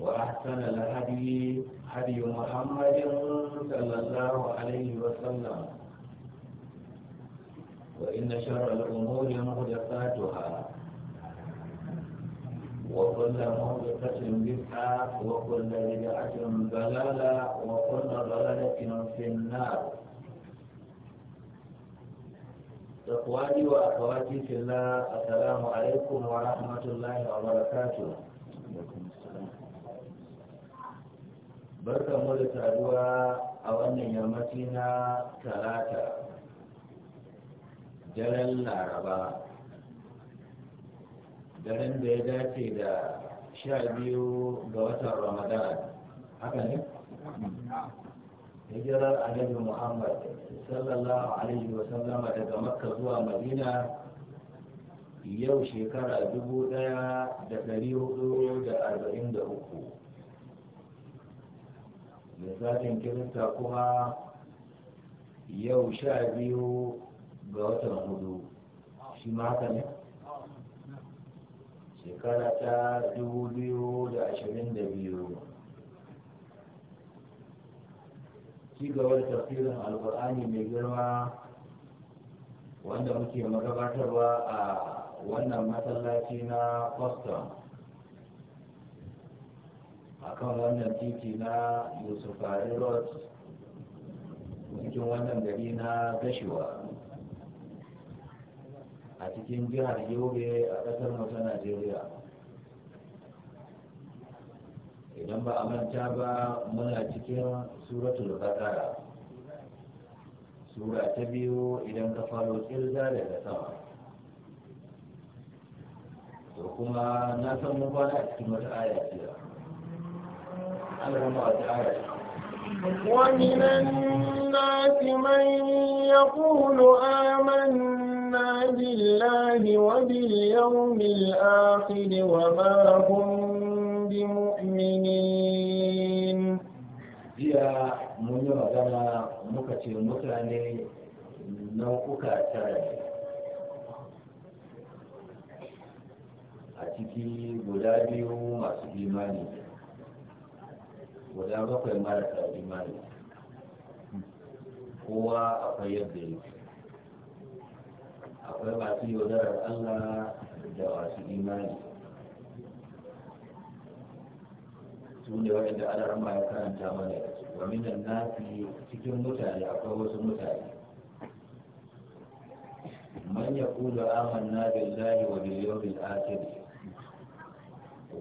وأحسن الهدي هدي محمد صلى الله عليه وسلم وإن شر الأمور محدثاتها وكل محدثة بدعة وكل بدعة ضلالة وكل ضلالة في النار إخواني وأخواتي في الله السلام عليكم ورحمة الله وبركاته barka mu da taruwa a wannan yammaci na talata daren laraba daren da ya dace da sha biyu ga watan ramadan haka ne hijirar annabi muhammad sallallahu alaihi wa sallama, daga makka zuwa madina yau shekara dubu ɗaya da dari hudu da arba'in da uku satin kirista kuma yau sha biyu ga watan hudu shi ma haka ne shekara ta dubu biyu da ashirin da biyu ci gaba da tafsirin alkur'ani mai girma wanda muke magabatarwa a wannan masallaci na boston akan wannan titi na yusufari road cikin wannan gari na gashiwa a cikin jihar yobe a ƙasar mata najeriya idan ba a manta ba muna cikin suratul baqara sura ta biyu idan ka faro kirga daga sama to kuma na san mu fara a cikin wata aya ومن الناس من يقول آمنا بالله وباليوم الآخر وما هم بمؤمنين يا mun yi magana muka ce mutane nau'uka tara ne a ciki guda biyu masu imani guda bakwai marasa mara kowa akwai yadda yake akwai masu yaudarar allah da masu imani su ne waɗanda ana rama ya karanta mana wa minan nasi cikin mutane akwai wasu mutane man ya kula bin zahi wa biliyobin yawmil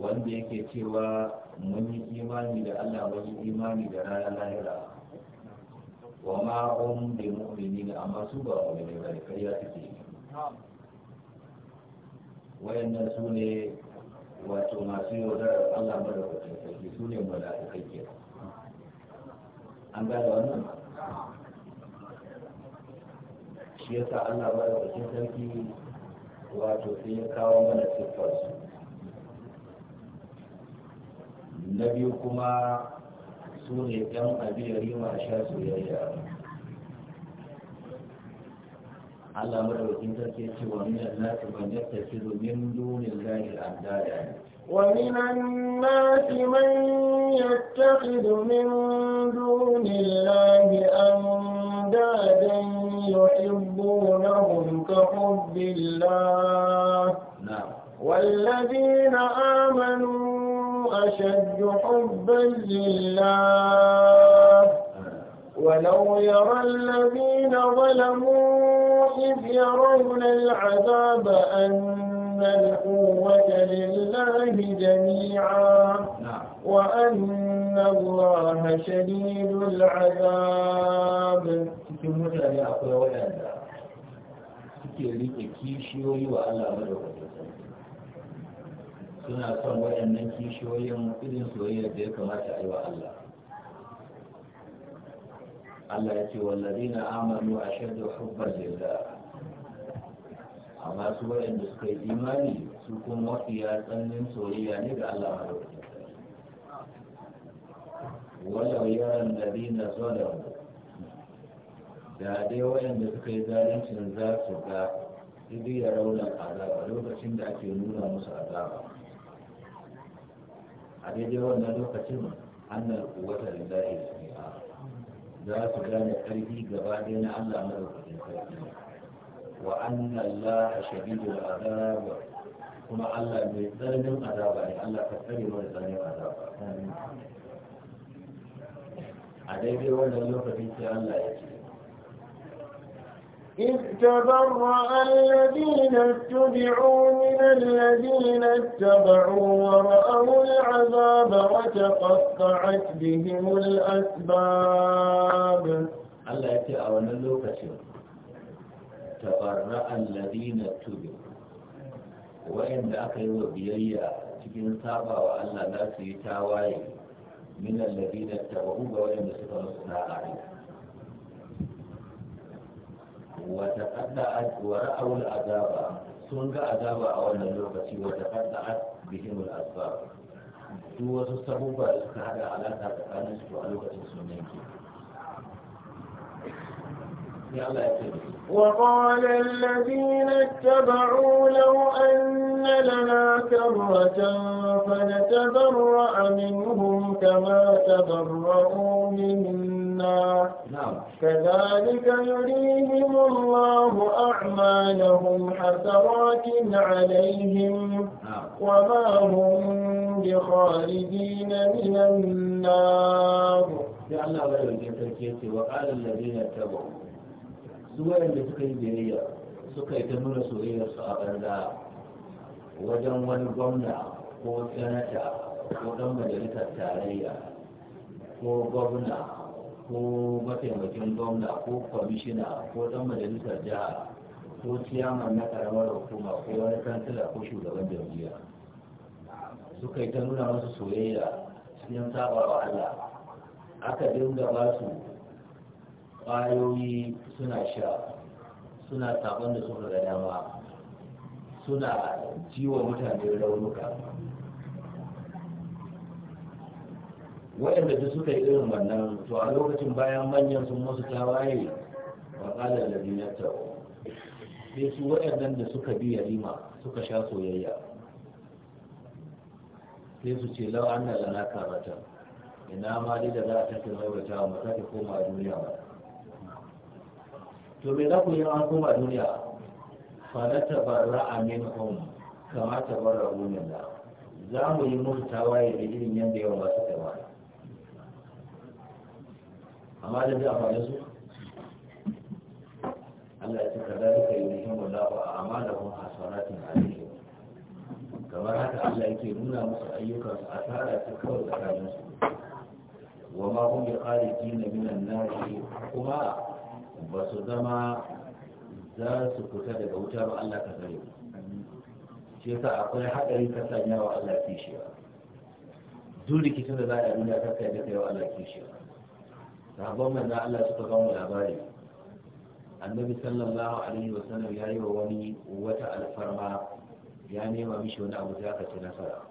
wanda yake cewa mun yi imani da Allah mun yi imani da ranar lahira wa ma hum bi mu'minina amma su ba mu'mini bane kariya take wayannan su wato masu yaudarar Allah madaukakin sarki su ne mala'ikai ke an gane wannan shi yasa Allah sarki wato sai ya kawo mana siffar su na biyu kuma su ne ɗan abiyar yi ma sha soyayya Allah madaukin sarki ce wa min Allah man yattakhidhu min dunillahi andada ومن الناس من يتخذ من دون الله أندادا يحبونهم كحب الله والذين آمنوا أشد حبا لله ولو يرى الذين ظلموا إذ يرون العذاب أن القوة لله جميعا وأن الله شديد العذاب suna son waɗannan kishiyoyin irin soyayya da ya kamata a yi wa Allah Allah ya ce wallazi na amanu a shaddu hubbar lillah amma su waɗanda suka yi imani su kuma mafiya tsannin soyayya ne ga Allah madaukakin walau yaran ladina zalamu da dai waɗanda suka yi zalincin za su ga idu ya raunar azaba lokacin da ake nuna musu azaba a daidai wannan lokacin annal quwwata lillahi jami'a za su gane karfi gaba ɗaya na Allah madaukakin sarki wa anna Allah shadidul azab kuma Allah mai tsananin azaba ne Allah ka tsare mana tsananin azaba a daidai wannan lokacin sai Allah ya ce إذ تبرأ الذين اتبعوا من الذين اتبعوا ورأوا العذاب وتقطعت بهم الأسباب الله يأتي أولا لوكسي تبرأ الذين اتبعوا وإن أقلوا وبيئيا cikin saba wa Allah za من الذين اتبعوا وإن سفروا tabahu ga وتقدعت ورأوا العذاب سنجا عذاب أولا لوقتي وتقدعت بهم الأسباب دو وسبب استهدى على تقانس ولوكتي سنينكي وقال الذين اتبعوا لو أن لنا كرة فنتبرأ منهم كما تبرؤوا منا النار نعم. كذلك يريهم الله أعمالهم حسرات عليهم نعم. وما هم بخارجين من النار لأن غير الجسد وقال الذين اتبعوا سواء لسكي بريا سكي تمر سوية صابر wajen wani gwamna ko sanata ko ɗan ko gwamna ko mataimakin gwamna ko kwamishina ko dan majalisar jiha ko ciyaman na karamar hukuma ko wani kansila ko shugaban jam'iyya suka yi ta nuna masu soyayya cikin saba wa Allah aka dinga ba su ƙwayoyi suna sha suna sabon da suka ga dama suna jiwa mutane raunuka wa'anda duk suka yi irin wannan to a lokacin bayan manyan sun musu tawaye ba ƙala da zinata sai su waɗannan da suka bi yarima suka sha soyayya sai su ce lau an da na karata ina ma dai da za a tafi maimaita wa mata ta koma duniya ba to me za ku yi an koma duniya fa ta tabarra a min home kama tabarra gumin da za mu yi musu tawaye da irin yadda yawa ta tawaye amma da ji amfani su Allah ya cika da duka yi nihin da ba a amana kun hasaratin alaihi kamar haka Allah yake nuna musu ayyukan su a tara su kawai tsakanin su wa ma hum biqariji na minan nari kuma ba su zama za su fita daga wuta ba Allah ka tsare shi yasa akwai haɗari ka sanya wa Allah kishiya duk rikicin da za a yi duniya ka kai da kai wa Allah kishiya sabon manzan Allah suka ba labari annabi sallallahu alaihi wa sallam ya yi wa wani wata alfarma ya nema mishi wani abu ta aka nasara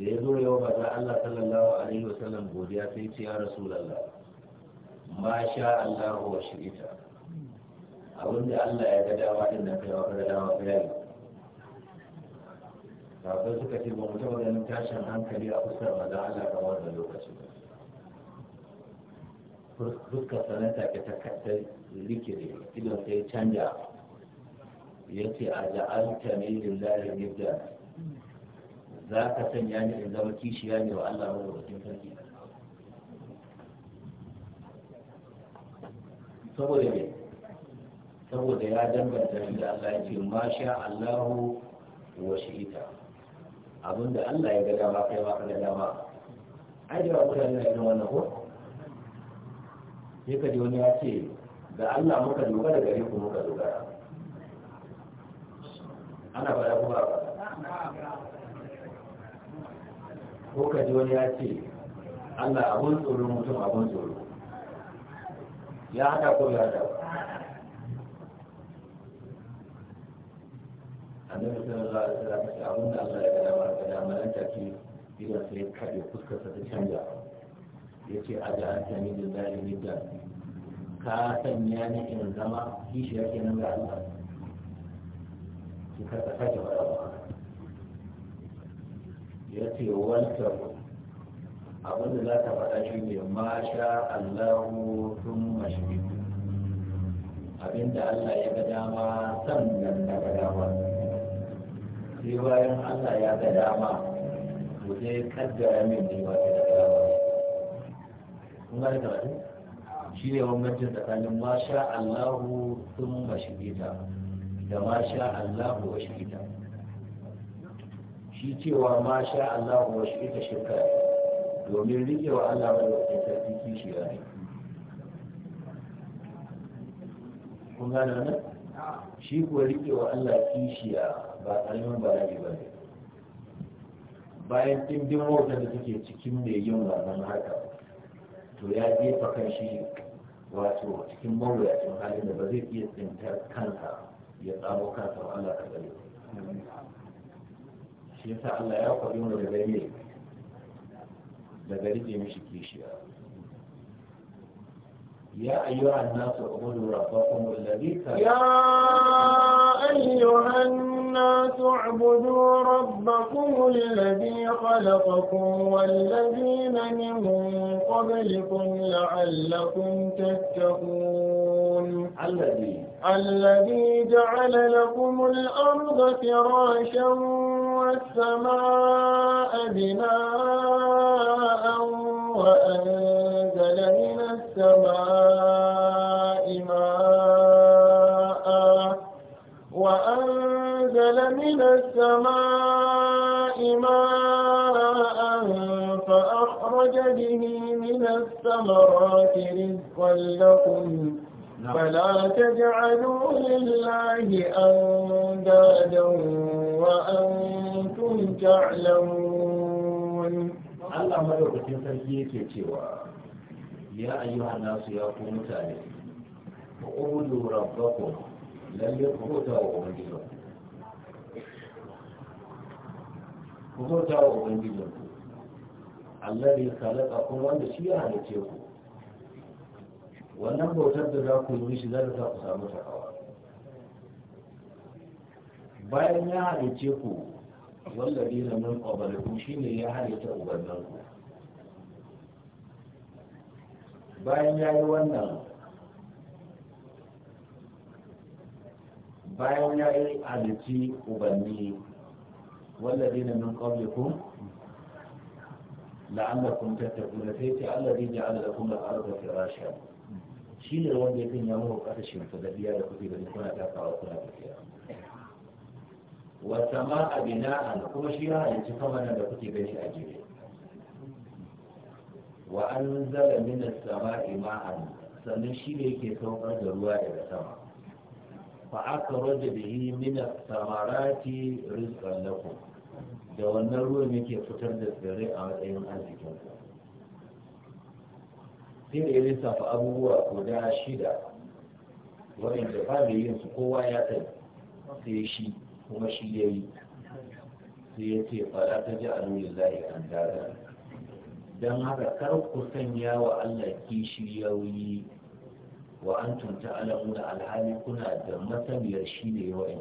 da ya zo yau manzan Allah sallallahu alaihi wa sallam godiya sai ce ya rasulullah ma sha Allah wa shi'ita da Allah ya ga dama din nan kai wa ga dama kai kafin suka ce ba mu taɓa ganin tashin hankali a fuskar manzan Allah kamar da lokaci ba fuskar sanata ke ta kasar rikiri idan sai canja ya ce a ja'alta ne lillahi nidda za ka sanya ni in zama kishiya ne wa Allah wajen sarki saboda ne saboda ya danganta shi da Allah ya ce ma sha Allahu wa shi'ita abinda Allah ya ga dama kai ma ka ga dama ai da wannan na wannan ko sai ka ji wani ya ce da Allah muka dogara gare ku muka dogara ana fara kuma ba ko ka ji wani ya ce Allah abun tsoro mutum abun tsoro ya haka ko ya hada annabi sallallahu alaihi wasallam abun da Allah ya ga dama ga dama nan take idan sai kaɗe fuskar ta canja yace aja'anta min lillahi nidda ka sanya ni in zama kishiyar nan da Allah ki karka sake faɗa ba ya ce wanta abinda za ta faɗa shi ne ma sha Allahu tun mashi abinda Allah ya ga dama sannan da ga dama sai bayan Allah ya ga dama to sai kaddara min ne wata kun da karatu shi ne bambancin tsakanin ma sha Allahu sun ba shi da ma sha Allahu wa shi shi cewa ma sha Allahu wa shi shirka domin wa Allah mai wakil sarki kishiya ne kun gane nan shi kuwa wa Allah kishiya ba kalamin bala'i ba ne bayan ɗimbin wautar da suke cikin mai yin wannan haka to ya jefa kan shi wato cikin mawuyacin halin da ba zai iya tsintar kansa ya tsamo kansa wa Allah ka tsare shi yasa Allah ya kwabi mu daga ne daga rike mishi kishiya ya a الناس اعبدوا ربكم الذي ya خلقكم والذين من قبلكم لعلكم تتقون الذي الذي جعل لكم الأرض فراشا والسماء بناء وأنزل من السماء ماء وأنزل من السماء أخرج به من الثمرات رزقا لكم نعم. فلا تجعلوا لله أندادا وأنتم تعلمون الله مدعو تنفيك يتوى يا أيها الناس يا قومتاني فقولوا ربكم لن يقوتوا أبنجلكم فقوتوا أبنجلكم alladhi khalaqakum wanda shi ya halice ku wannan bautar da za ku yi shi za ta ku samu sha'awa. bayan ya halice ku wallabi na min shi ne ya halice ubannan ku bayan ya yi wannan bayan ya yi halici ubanni wallabi na min ku. la'allakum tattaquna sai ce allazi ja'ala lakum al-ardha firasha shi ne wanda ya sanya muku kasa shimfa da biya da kuke gani kuna takawa kuna tafiya wa sama'a bina'an kuma shi ya halicci kamanan da kuke gani a jere wa anzala min as-sama'i ma'an sannan shi ne yake saukar da ruwa daga sama fa akhraja bihi min as-samarati rizqan lakum da wannan ruwan yake fitar da tsirrai a matsayin arzikin sai da ya lissafa abubuwa guda shida waɗanda ba da yin su kowa ya sani sai shi kuma shi ya yi sai ya ce fara ta ji aluyin layi an dada don haka kar ku sanya wa allah kishiyoyi wa an tunta alamuna alhali kuna da masaniyar shi ne yawa in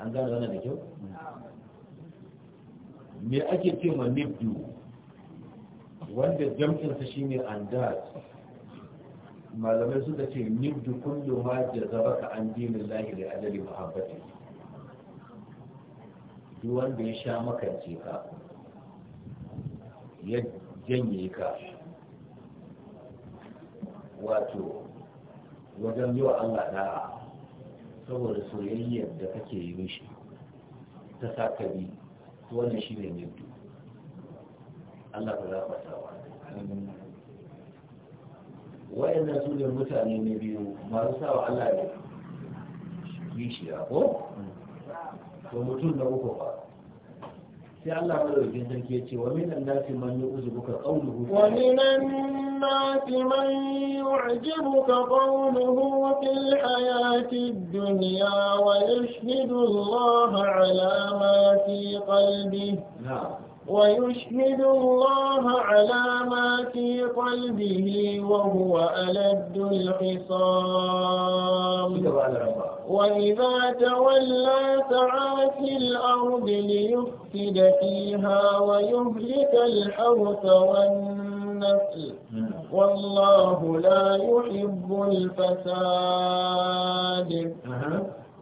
an gane wannan da kyau me ake ce ma nibdu wanda jam'insa shine andat malamai suka ce nibdu kullu ma jazaba ka an dinin lahi da adali Mahabbati. duk wanda ya sha makance ka ya janye ka wato wajen yi wa Allah da'a saboda soyayyar da kake yi mishi ta sa ka bi wannan shi ne yadda Allah ka zafata wa wayannan su ne mutane ne biyu masu sa wa Allah ne ya ko? to mutum na uku ba sai Allah madaukakin sarki ya ce wa minan nasi man yu'jibuka qawluhu wa minan man yu'jibuka qawluhu fil hayati dunya wa yashhadu Allah ala ma fi qalbihi ويشهد الله على ما في قلبه وهو ألد الخصام. وإذا تولى سعى في الأرض ليفسد فيها ويهلك الحرث والنسل والله لا يحب الفساد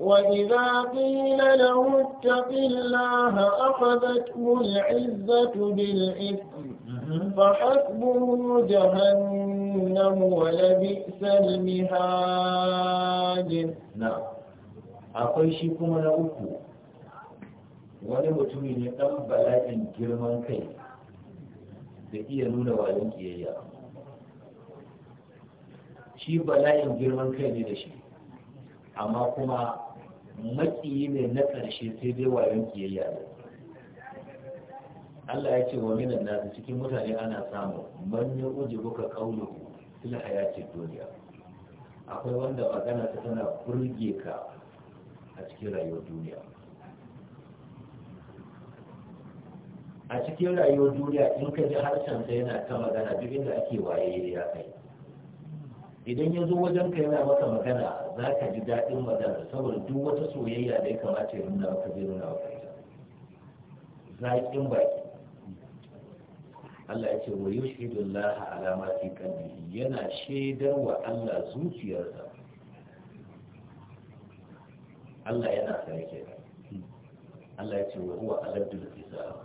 وإذا قيل له اتق الله أخذته العزة بالإثم فحسبه جهنم ولبئس المهاد نعم akwai shi kuma na uku wani mutumi ne ɗan bala'in girman kai da iya nuna walin kiyayya shi bala'in girman kai ne da shi amma kuma maƙiyi ne na ƙarshe sai dai wayon kiyayya ne Allah ya ce wa minan nasu cikin mutane ana samu man ya uji buka kaulu fil hayatid duniya akwai wanda magana ta tana burge ka a cikin rayuwar duniya a cikin rayuwar duniya in ka ji sai yana ta magana duk inda ake waye ya kai idan ya zo wajen ka yana maka magana za ka ji daɗin magana saboda duk wata soyayya da ya kamata ya nuna maka zai nuna maka ita zaƙin baki Allah ya ce wa yushhidu ala ma fi qalbihi yana shaidar wa Allah zuciyarsa Allah yana sane ke Allah ya ce wa huwa aladdul hisab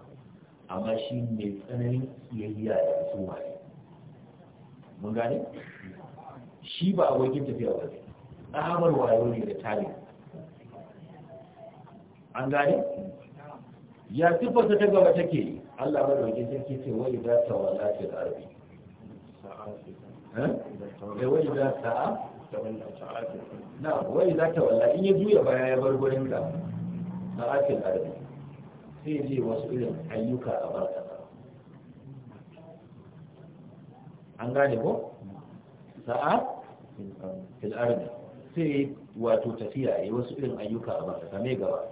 amma shi mai tsananin kiyayya da husuma mun gane shi ba abokin tafiya ba ne tsabar wayo ne da tare an gane ya siffata ta gaba take Allah ba dauke sarki ce wa idza ta wala ta arbi eh, eh wai da ta tawalla sa'atin na wai za ta walla in ya juya baya ya bar gurin ka sa'atin arzi sai je wasu irin ayyuka a bar barka an gane ko sa'a fil ardi sai wato tafiya yi wasu irin ayyuka a barka mai gaba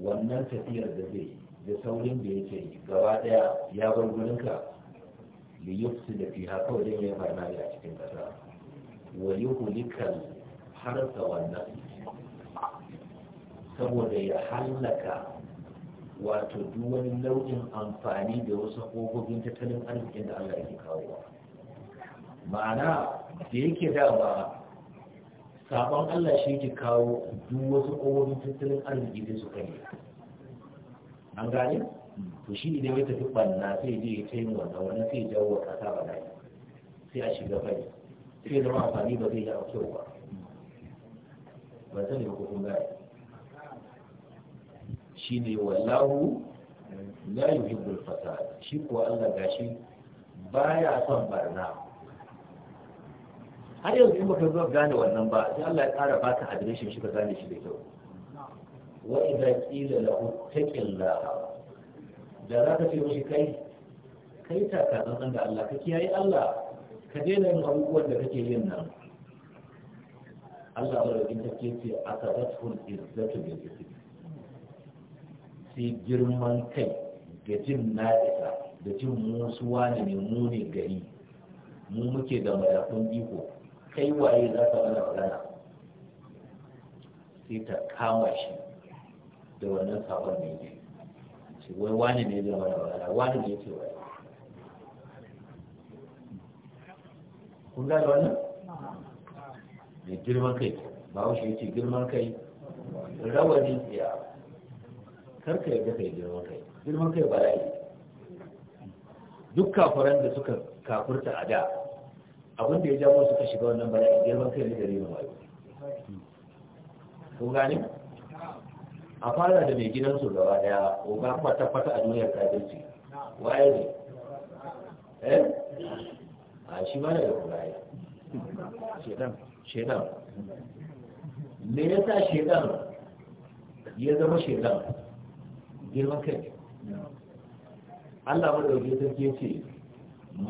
wannan tafiyar da zai da saurin da yake yi gaba daya ya bar gurinka da yufsi da fiha kawai dai mai barna a cikin kasa wa yuhlikal harsa wannan saboda ya halaka wato duk wani nau'in amfani da wasu kofofin tattalin arzikin da Allah yake kawowa ma'ana da yake dama sabon Allah shi ke kawo duk wasu kofofin tattalin arziki da su kai an gane to shi ne dai tafi banna sai je ya ta mu wannan wannan sai jawo wa kasa ba dai sai a shiga fari sai zama amfani ba zai yi a kyau ba ba sani ba kun gaya shi ne wallahu la al fasad shi kuwa Allah gashi baya son barna har yanzu in baka zo gane wannan ba sai Allah ya ƙara baka adireshin shi ka gane shi da kyau wa idza qila lahu taqillaha da za ka ce mashi kai kai ta kasan da Allah ka kiyaye Allah ka daina yin abubuwan da kake yin nan Allah da yin take ce aka zatul izzatu bil ismi sai girman kai ga jin na'isa da jin musuwa ne ne mu gari mu muke da mayafin iko kai waye za ka mana magana sai ta kama shi da wannan sabon ne ce wai wani ne da wala wani wani ne ce wani kun gane wannan mai girman kai ba wuce ya ce girman kai rawani tsiya karka yadda kai girman kai girman kai ba yi duk kafuran da suka kafurta a da abin da ya jawo suka shiga wannan bala'i girman kai ne da riba ba kun gani. a fara da mai gidansu gaba daya ga kwata-kwata a duniyar kafirci waye ne eh a shi ma da kulaye shedan shedan me yasa shedan ya zama shedan girman kai Allah madauki sarki ce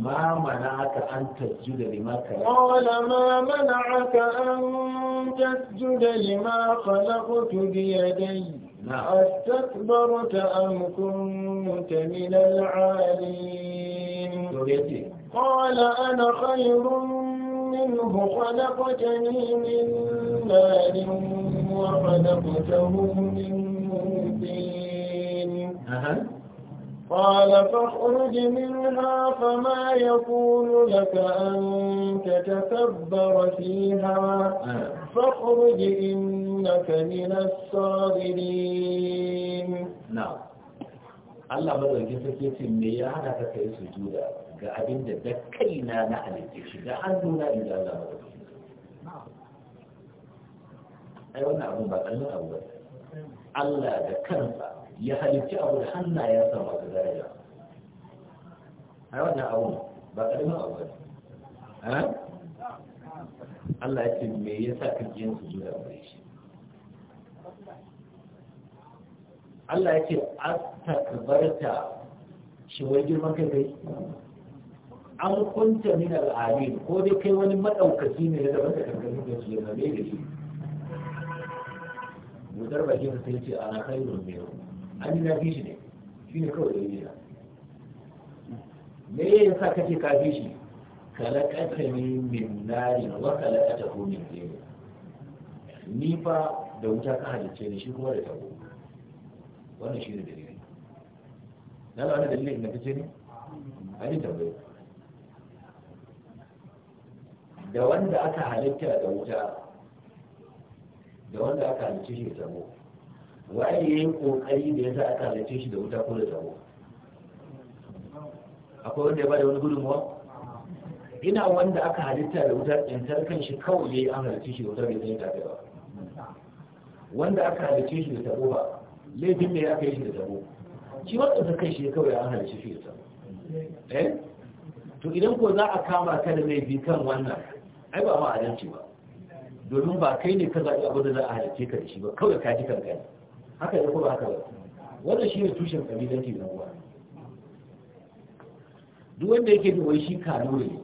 ما منعك أن تسجد لما خلقت قال ما منعك أن تسجد لما خلقت بيدي أستكبرت أم كنت من العالين قال أنا خير منه خلقتني من نار وخلقته من طين قال فاخرج منها فما يكون لك أن تتكبر فيها فاخرج إنك من الصاغرين. نعم الله بدأ جسد يتم ميانا فكي سجودا قابل دكينا نحن الإشداء عندنا إلا الله بدأ جسد نعم. أيوانا نعم، أبو بدأنا نعم، أبو بدأ الله دكينا ya halicci abu da hannayensa masu daraja a wannan abun ba ƙaramin abu ne Allah ya ce me yasa kake yin sujuda gare shi Allah ya ce astakbarta shi wai girman kai kai an kunta min al'alim ko dai kai wani madaukaki ne da daban da kankanin da su yana mai da shi mutar bakin sai ce ana kai rumewa an na fi shi ne shi ne kawai da yana me ya sa kake ka fi shi kalakata ne min nari wa kalakata ko min zero ni fa da wuta ka halicce ni shi kuma da tabo wannan shi ne dalili na ba wani dalilin da kace ne a ji tambaye da wanda aka halitta da wuta da wanda aka halicce shi da tabo waye ya yi kokari da ya sa aka halarce shi da wuta ko da tabo akwai wanda ya bada wani gudunmuwa ina wanda aka halitta da wuta tsintar kan shi kawai ya yi an halarce shi da wuta bai sanya tafiya wanda aka halarce shi da tabo ba laifin ne aka yi shi da tabo shi ma ta kai shi kawai an halarce shi da tabo eh to idan ko za a kama ka da laifi kan wannan ai ba ma adalci ba domin ba kai ne ka zaɓi abu da za a halarce ka da shi ba kawai ka ji kanka ne haka da kuma haka ba shi ne tushen kabilar na uwa duk wanda yake da wai shi kano ne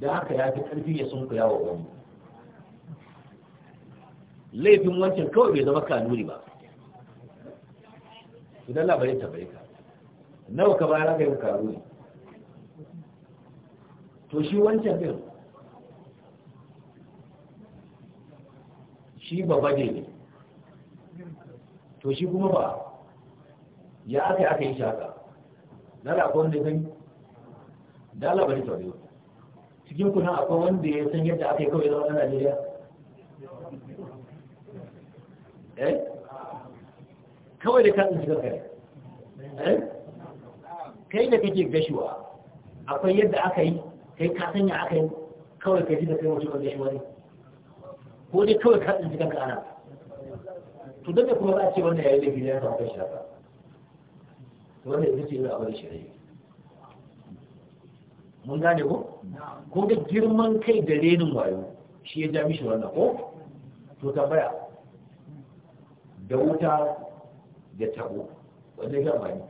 da haka ya fi karfi ya sun kuyawa wani laifin wancan kawai bai zama kanuri ba idan labarin bai ka nawa ka bayar aka yi kanuri to shi wancan din shi babba ne to shi kuma ba ya aka aka yi shaka dala akwai wanda ya sani dala ba ni ba. cikin kuna akwai wanda ya san yadda aka yi kawai zama na Najeriya eh kawai da ka tsinci kanka eh kai da kake gashuwa akwai yadda aka yi kai ka sanya aka yi kawai ka ji da kai wajen gashuwa ne ko dai kawai ka tsinci kanka ana to da kuma za a ce wannan yayi laifi ya samu kashi haka wannan ita ce a bari shari'a mun gane ko ko da girman kai da renin wayo shi ya ja mishi wannan ko to tambaya da wuta da tabo wanda ya gama ne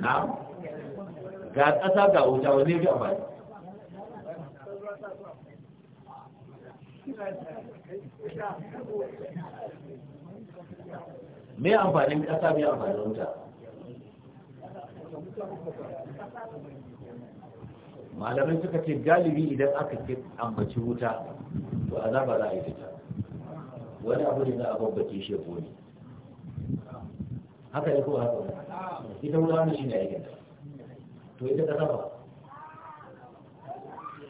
na ga ƙasa ga wuta wanda ya gama ne amfani amfanin ƙasa amfani da wuta malamai suka ce galibi idan aka ke ambaci wuta to a za a yi fita wani abu ne za a babbace shi ne haka ne ko haka ita wuta wani shi ne aikin to ita ƙasa ba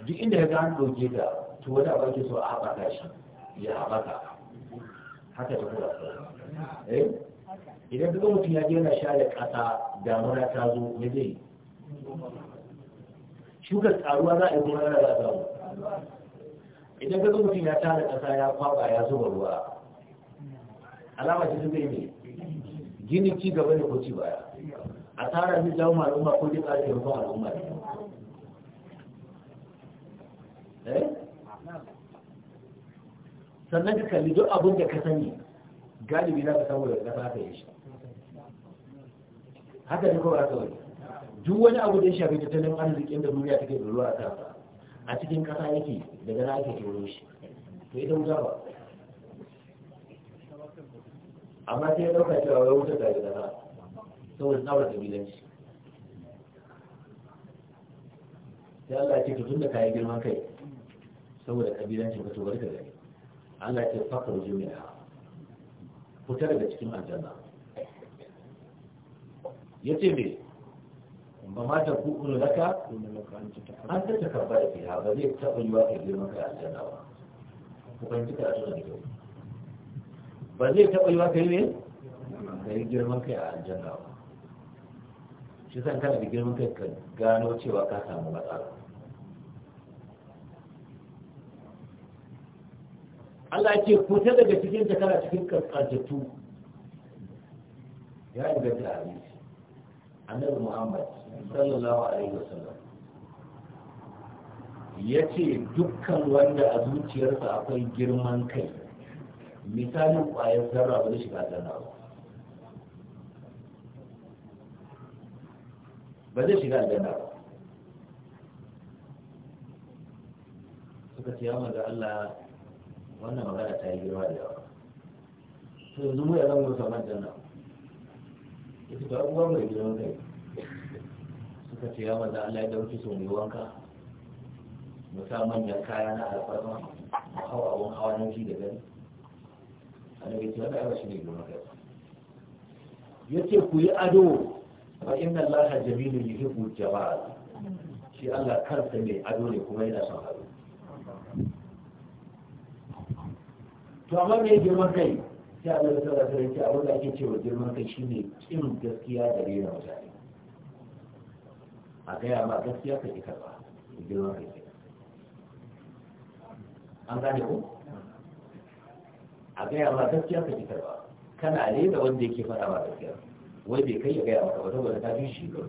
duk inda ya ga an ɗauke ta to wani abu ake so a haɓaka shi ya haɓaka haka ta kura eh idan duk mutum ya gina share ƙasa damuna ta zo ya zai shukar ƙaruwa za a yi kuma yana za a idan ka mutum ya tara ƙasa ya kwaba ya zuba ruwa alama ce zai ne gini ci gaba ne ko ci baya a tara zai jawo al'umma ko dai ake rufin al'umma ne eh? sannan ka kalli duk abin da ka sani galibi za ka samu da ka fata yi shi haka ne kawai aka wani duk wani abu da ya shafi tattalin arzikin da duniya take da ruwa a kansa a cikin ƙasa yake daga na ake kero shi to ita wuta ba amma sai ya ɗauka cewa wai wuta da ba saboda tsawar ƙabilanci sai Allah ya ce ka tun da kayan girman kai saboda ƙabilancin ka to bari ka gani Ana ce fakar jami'a fita daga cikin aljanna ya ce ne ba ma ta kuɓu da laka an ta ba da fiya ba zai taɓa yi wa ka girma kai aljanna ba kuɓan cika a tunan kyau ba zai taɓa yi wa ka yi ne ka yi girman kai a aljanna ba shi san kana da girman kai ka gano cewa ka samu matsala Allah ce fita daga cikin ta kana cikin kaskantattu ya inganta hadisi annabi Muhammad sallallahu alaihi wasallam ya ce dukkan wanda a zuciyarsa akwai girman kai misalin ƙwayar zarra ba zai shiga aljanna ba ba zai shiga aljanna ba suka ce ya manzo Allah wannan magana ta yi girma da yawa to yanzu mu ya zama mu samu aljanna ita ta uwa mai girman kai suka ce ya maza Allah ya dauki so mu wanka mu sa manyan kaya na alfarma mu hawa abun hawa nan shi da gani annabi ce wannan shi ne girman kai yace ku yi ado fa inna Allah jamilun yuhibbu jamal shi Allah karsa mai ado ne kuma yana son ado to amma me girman kai sai Allah ya tsara sai ce abin da ake cewa girman kai shine kin gaskiya da rera mutane a gaya ma gaskiya ka ki karba girman kai an gane ku a gaya ma gaskiya ka ki karba kana rera wanda yake faɗa ma gaskiya wai bai kai ya gaya maka ba saboda ta fi shi gaba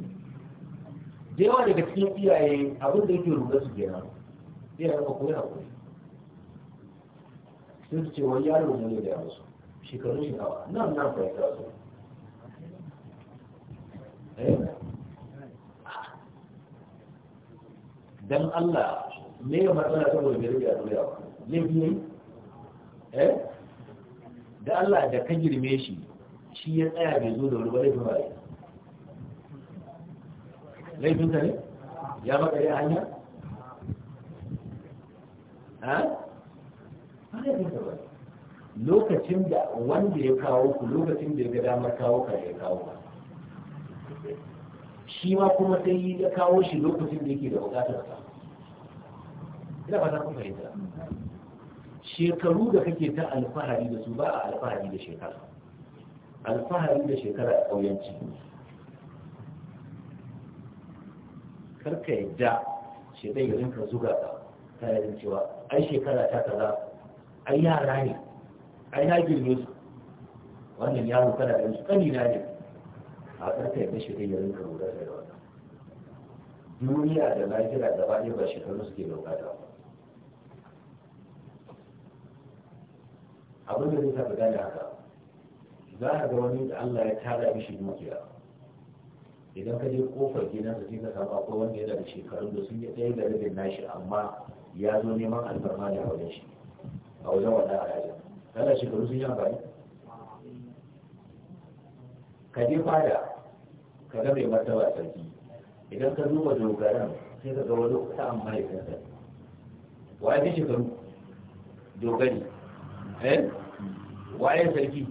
da yawa daga cikin iyaye abin da yake rubuta su kenan sai ya zama koyi hakuri sun su ce wani yaro ne da ya musu shekarun shi nawa nan nan fa ya su. Eh? dan Allah me ya matsala saboda bai rike a duniya ba laifi ne eh da Allah da ka girme shi shi ya tsaya bai zo da wani ba laifin ba laifin ka ne ya maka ya hanya ha lokacin da wanda ya kawo ku lokacin da ya ga damar kawo ka ya kawo ba. shi ma kuma sai ya kawo shi lokacin da yake da bukatar sa ina ba ta kuma fahimta shekaru da kake ta alfahari da su ba a alfahari da shekara alfahari da shekara a ƙauyanci karka yadda shekai ya rinka zuga ka ta yi cewa ai shekara ta kaza ai yara ne ai na girme su wannan yaro kana da su kani na ne a ƙarfe ta shi yarin ya lura da yawa duniya da lafiya da ba ba shekaru suke bukata ba abin da zai taɓa gane haka za a ga wani da Allah ya tara mishi dukiya idan ka je kofar gidan sa sai ka samu akwai wanda yana da shekarun da sun yi ɗaya da rabin nashi amma ya zo neman alfarma da wajen shi a wajen wannan al'adar kana shekaru sun yi amfani ka je fada ka ga mai martaba sarki idan ka duba dogaran sai ka ga wani ta amfani sa'an mahaifinsa waye shekaru dogari eh waye sarki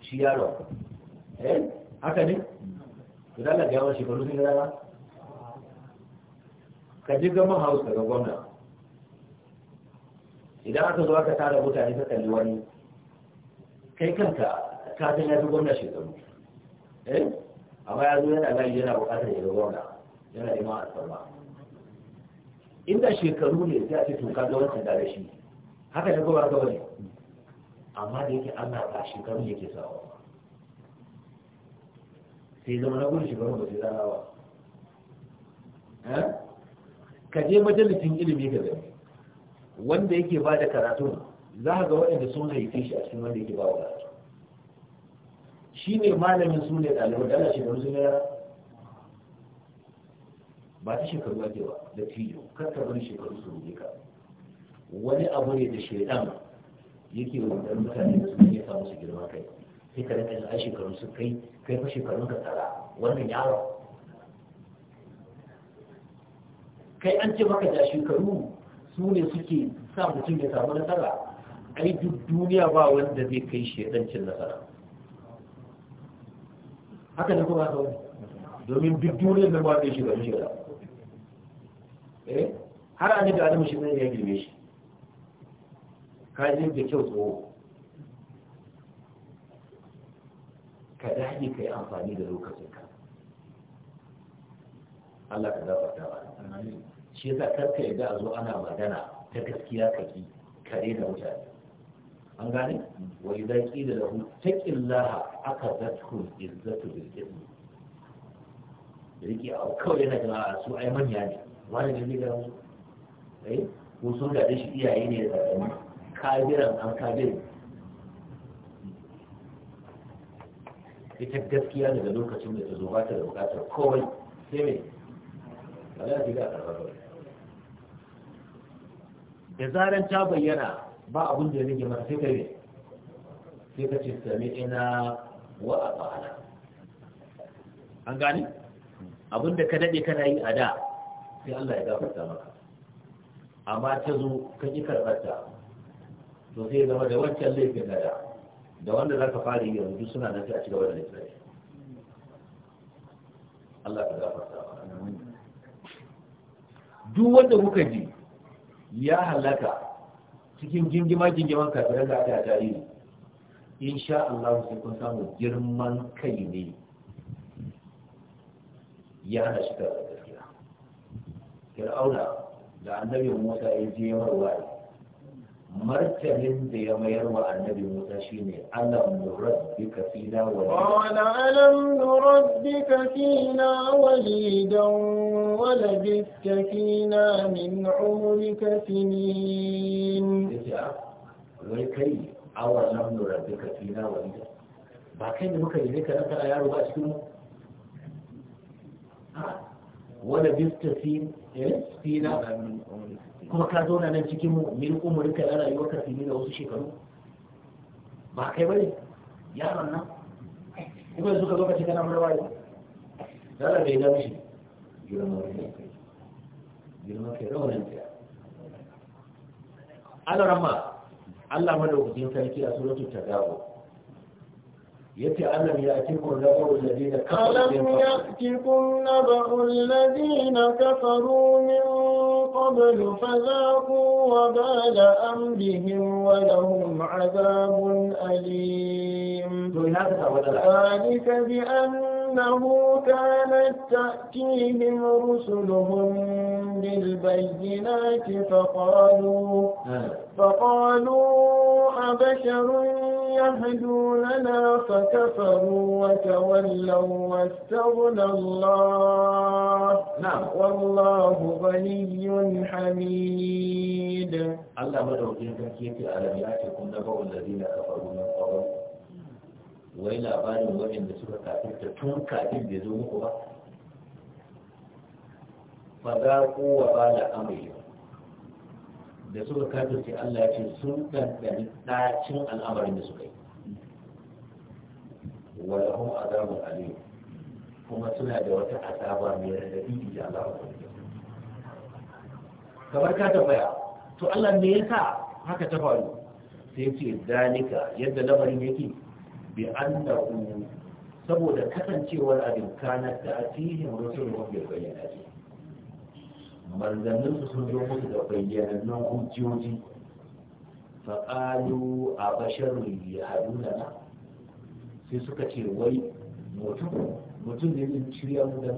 shi yaro eh haka ne idan ka ga yawan shekaru sun yi rana ka ji gama hausa ga gwamna idan aka zo aka tara mutane ta kalli wani kai kanka ka san ya fi gwamna shekaru eh amma ya zo yana gani yana bukatar ya gwamna yana neman alfarma inda shekaru ne sai a ce to ka ga wancan da shi haka ne gwamna ba wani amma da yake ana ta shekaru yake sawa sai zama na gudu shekaru ba sai zarawa eh? ka je majalisin ilimi ka gani wanda yake ba da karatu za ga waɗanda sun haife shi a cikin wanda yake ba wa shi ne malamin su ne ɗalibar da ana shekaru sun yara ba ta shekaru ake ba da tiyo kar ka bari shekaru su rubuce ka wani abu ne da shaidan yake rubutar mutane da su ne samu su girma kai sai ka rinka ai shekaru su kai kai fa shekarun ka tsara wannan yaro kai an ce maka da shekaru su ne suke sa mutum ya samu nasara yi duk duniya ba wanda zai kai shi ya cin nasara haka ne kuma kawai domin duk duniyar da ba zai shiga shiga eh har an da alamashi shi ne ya girme shi ka ji da kyau tsoho ka dage ka yi amfani da lokacin ka, Allah ka gafarta ba. shi yasa kar ka yadda a zo ana magana ta gaskiya ka ki kare da mutane an gane wa idza qila lahu taqillaha akhadathu izzatu bil ismi riki a kawai yana jama'a su ai manya ne wani ne ne ga mu eh ko sun da shi iyaye ne da tsakani kabiran an kabirin ita gaskiya daga lokacin da ta zo ba ta da bukatar kowai sai me. ba za ta yi da karɓar da zaran ta bayyana ba abin da ya rage mata sai kai sai ka ce sami ina wa a an gani abin da ka daɗe kana yi a da sai Allah ya gafarta maka amma ta zo ka ƙi karɓarta to sai zama da wancan laifin na da da wanda za ka fara yi yanzu suna nan sai a cigaba da lissafi Allah ka gafarta maka duk wanda kuka ji ya halaka cikin gingima gingiman kafiran da aka in insha Allah sai kun samu girman kai ne ya hana shi karɓar gaskiya fir'auna da annabi Musa ya je marwa martanin da ya mayar wa annabi Musa shine alam nurabbika fina walida qala alam nurabbika fina walidan wa labitta fina min umrika sinin ah, wai kai a awalam nurabbika fina walida ba kai ne muka yi ne ka yaro ba cikin mu. Ah, wani bista eh, fina kuma ka zauna nan cikin mu min ka na rayuwar ka fini da wasu shekaru ba kai bane yaron nan kuma yanzu ka zo ka ce kana mura wayo zara bai da mishi girma kai girma kai rawanin ta Allah ramma Allah madaukakin sarki a suratul tagabun yace alam ya'tikum naba'u alladhina kafaru ya'tikum naba'u alladhina kafaru min qabl fadhaqu wa bala amrihim wa lahum 'adhabun alim to ina ka wadala bi anna أنه كانت تأتيهم رسلهم بالبينات فقالوا فقالوا أبشر يهدوننا فكفروا وتولوا واستغنى الله نعم والله غني حميد الله مدعو جنبك يتي على مياتكم نبع الذين كفروا من قبل wai labarin waɗanda suka ta tun kafin bai zo muku ba ba za ku wa ba da amuriya da suka kafirce Allah ce sun ɗanɗani ɗacin al'amarin da suka yi wala hum azabun alim kuma suna da wata azaba mai radadi da Allah kamar ka tafaya to Allah me yasa haka ta faru sai ce zalika yadda lamarin yake bi annahu saboda kasancewar abin kana da atihim rasulun bil bayyinati manzannin su sun zo musu da bayyanannun hujjoji fa qalu a ya yahduna sai suka ce wai mutum mutum ne zai shirya mu da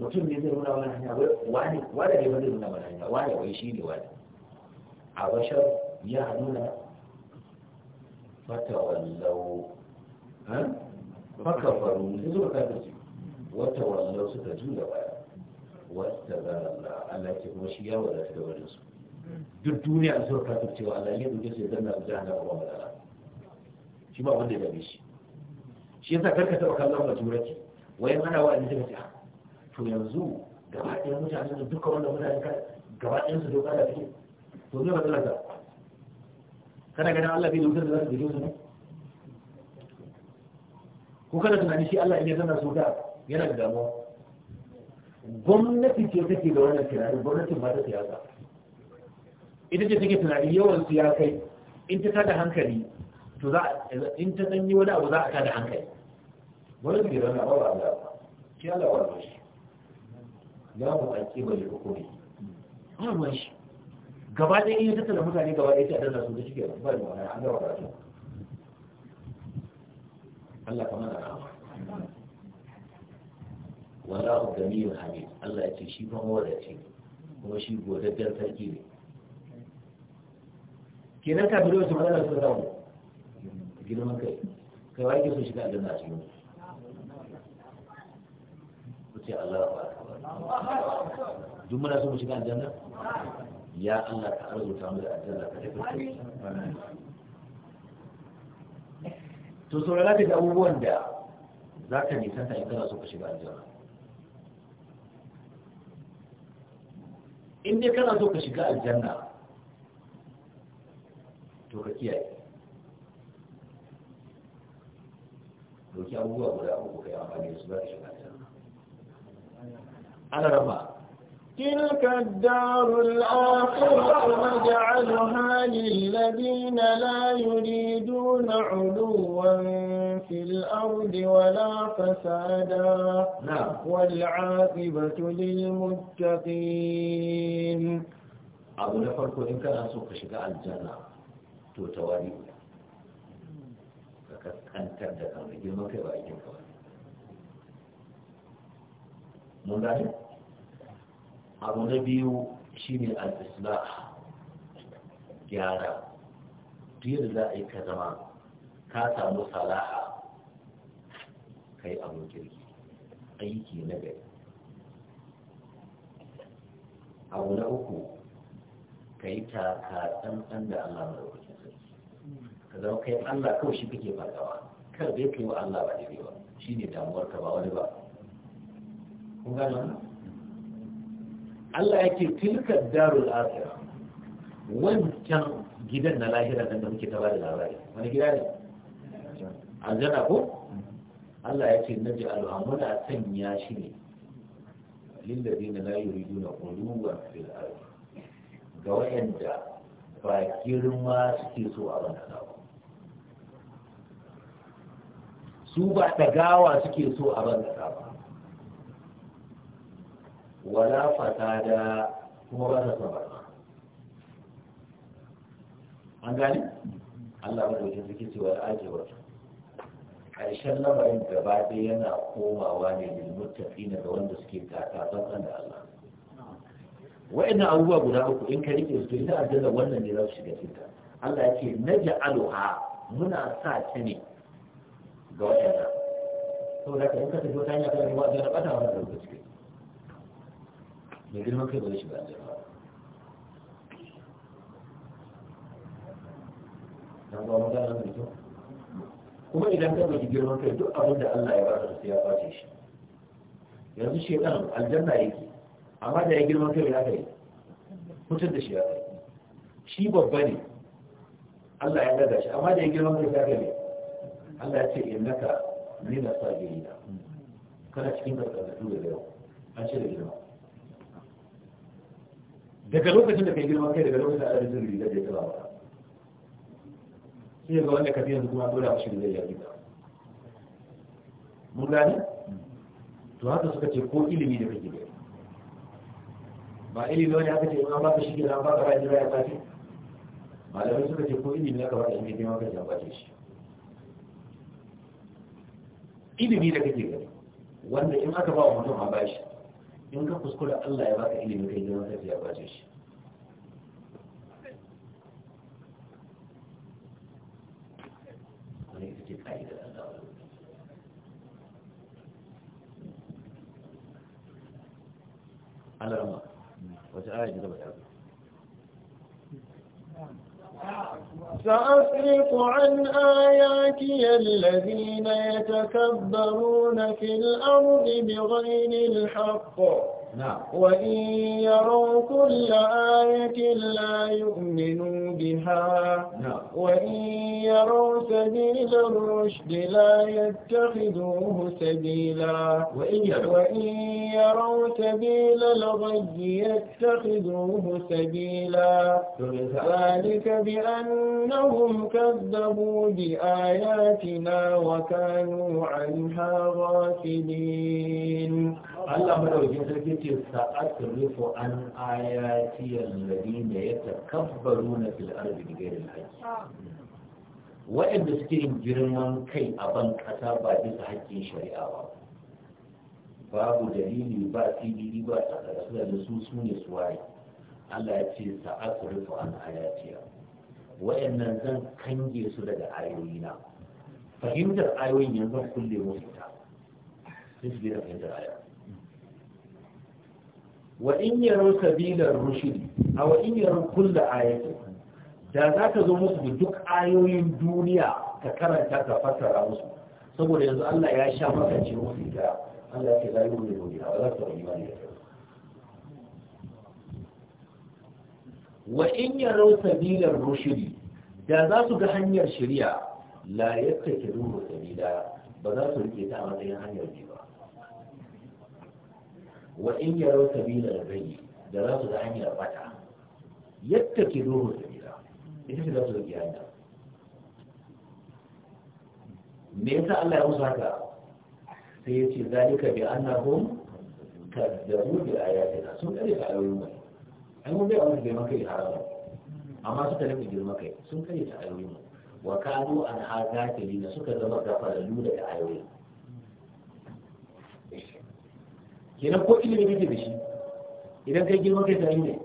mutum ne zai nuna mana hanya wani wani ne zai nuna mana hanya wani wai shi ne wani a bashar ya nuna fatawallau fakafaru sai suka kafirci wata wallau suka juya baya wata zararra Allah ce kuma shi ya wadata da wani su duk duniya a suka kafirce wa Allah ya duke su ya zanna su jihar da kuma madara shi ba wanda ya gabe shi shi yasa karka taɓa kallon majorati wayan ana wa inda ta to yanzu gaba ɗaya mutane da duka wanda mutane gaba ɗayan su doka da take to zai matsalar kana ganin Allah bai da wutar da za su fito su ko kana tunani shi Allah in ya zana su ka yana da damuwa gwamnati ce take da wannan tunanin gwamnatin ba ta siyasa ita ce take tunani yawan su ya kai in ta tada hankali to za in ta danyi wani abu za a tada hankali gwamnati ke da wannan abu ba Allah shi Allah wa shi ya mu ake bari hukumi ba shi gaba ɗaya iya tattala mutane gaba ɗaya sai a danna su da shike ba da wani an gaba karatu Allah kamar da rahama wala uganiyu hamid Allah ya ce shi fa mawadaci kuma shi godaddan sarki ne kenan ka biyo su magana su da mu girman kai kai wai ke so shiga aljanna shi ne ku ce Allah ba duk muna so mu shiga aljanna ya Allah ka arzuta mu da aljanna ka tafi to saurara ka da abubuwan da za ka nisanta in kana so ka shiga aljanna in dai kana so ka shiga aljanna to ka kiyaye doki abubuwa guda uku ka yi amfani da su za ka shiga aljanna ana rama تلك الدار الآخرة نجعلها للذين لا يريدون علوا في الأرض ولا فسادا نعم. والعاقبة للمتقين أقول لك إن كان سوق شكاء الجنة توتواري فقد أن تبدأ أمري جمعك وإجمعك من ذلك abu na biyu shine ne al’isla gyara da za a yi ka zama ka samu salaha kai abin kirki aiki na gari abu na uku ka yi taka tsantsan da Allah mai rukun sarki ka zama kai Allah kawai shi kake fargawa. kar da ya kai wa Allah ba daidai ba shi ne damuwar ka ba wani ba kun gano Allah yake tilka darul akhirah wancan gidan na lahira dan da muke ta bada labari wani gida ne aljanna ko Allah ya ce naji alhamuna sanya shi ne ladina la yuriduna quluba fil ardi ga wayanda ba girma suke so a wannan ba su ba ta gawa suke so a wannan ba wala fasada kuma ba ta saba an gane Allah wuce suke cewa ajewa ƙarshen lamarin gaba ɗaya yana komawa ne mutafi na ga wanda suke kata tsantsan da Allah na abubuwa guda uku in ka rike su to ajiyar wannan ne za su shiga cikin Allah ya ce aluha muna sa ta ne ga wa'annan saboda ka in ka tafi wata hanya kan yi aljanna ba ta wani da mai girman kai ba zai shiga aljanna ba ba mu mai kuma idan ka mai girman kai duk abin da Allah ya ba da sai ya bace shi yanzu shi shekan aljanna yake amma da ya girman kai ya kai mutum da shi ya kai shi babba ne Allah ya gaza shi amma da ya girman kai ya kai Allah ya ce naka sa gari na kana cikin karkatu da yau an ce da girman daga lokacin da kai girma kai daga lokacin da arzikin rigar da ya taba ba sai ga wanda ka fi kuma dole a shirin ya yaƙi mun gani to haka suka ce ko ilimi da kake gani ba ilimi wani haka ce ma ba ka shige ba ka rajin raya ya ce malamai suka ce ko ilimi aka bada ilimi ma ka jaba ce shi ilimi da kake gani wanda in aka ba wa mutum a bashi in ka kuskura Allah ya baka ilimi kai girman kai ya shi Allah rama wata سأفرق عن آياتي الذين يتكبرون في الأرض بغير الحق نعم وإن يروا كل آية لا يؤمنوا بها نعم وإن يروا سبيل الرشد لا يتخذوه سبيلا وإن يروا, وإن يروا سبيل الغي يتخذوه سبيلا ذلك بأنهم كذبوا بآياتنا وكانوا عنها غافلين Allah madaukin sarki ce sa'at rufu an ayati alladina yatakabbaruna fil ardi bighairi al-haqq wa'anda suke yin girman kai a ban kasa ba bisa haƙƙin shari'a ba babu dalili ba tsibiri ba tsakar da su su ne su suwaye Allah ya ce sa'at rufu an ayatiya wa'annan zan kange su daga ayoyina fahimtar ayoyin yanzu kulle musu ta sai su da fahimtar ayoyin wa in yaro sabilar rushidi a wa in yaro kulla ayatin da za ka zo musu da duk ayoyin duniya ka karanta ka fassara musu saboda yanzu Allah ya sha maka ce musu da Allah ya ga yi ne gobe ba za ka yi imani wa in yaro sabilar Rushiri da za su ga hanyar shari'a la yattakidu sabila ba za su rike ta a matsayin hanyar ba وإن يروا سبيل الغي دراسة زاد عني الرجعة يتكلوه سبيلا إذا في دراسة زاد عني ميسا الله يوصاك سيتي ذلك بأنهم كذبوا بآياتنا سم أليس على ويومك أنهم لا أعرف بمكة الحرارة أما ستلم يجير مكة سم أليس على ويومك وكانوا أنها ذات لنا سكة ذبا قفل kenan ko ilimi kake da shi idan kai girma kai tare ne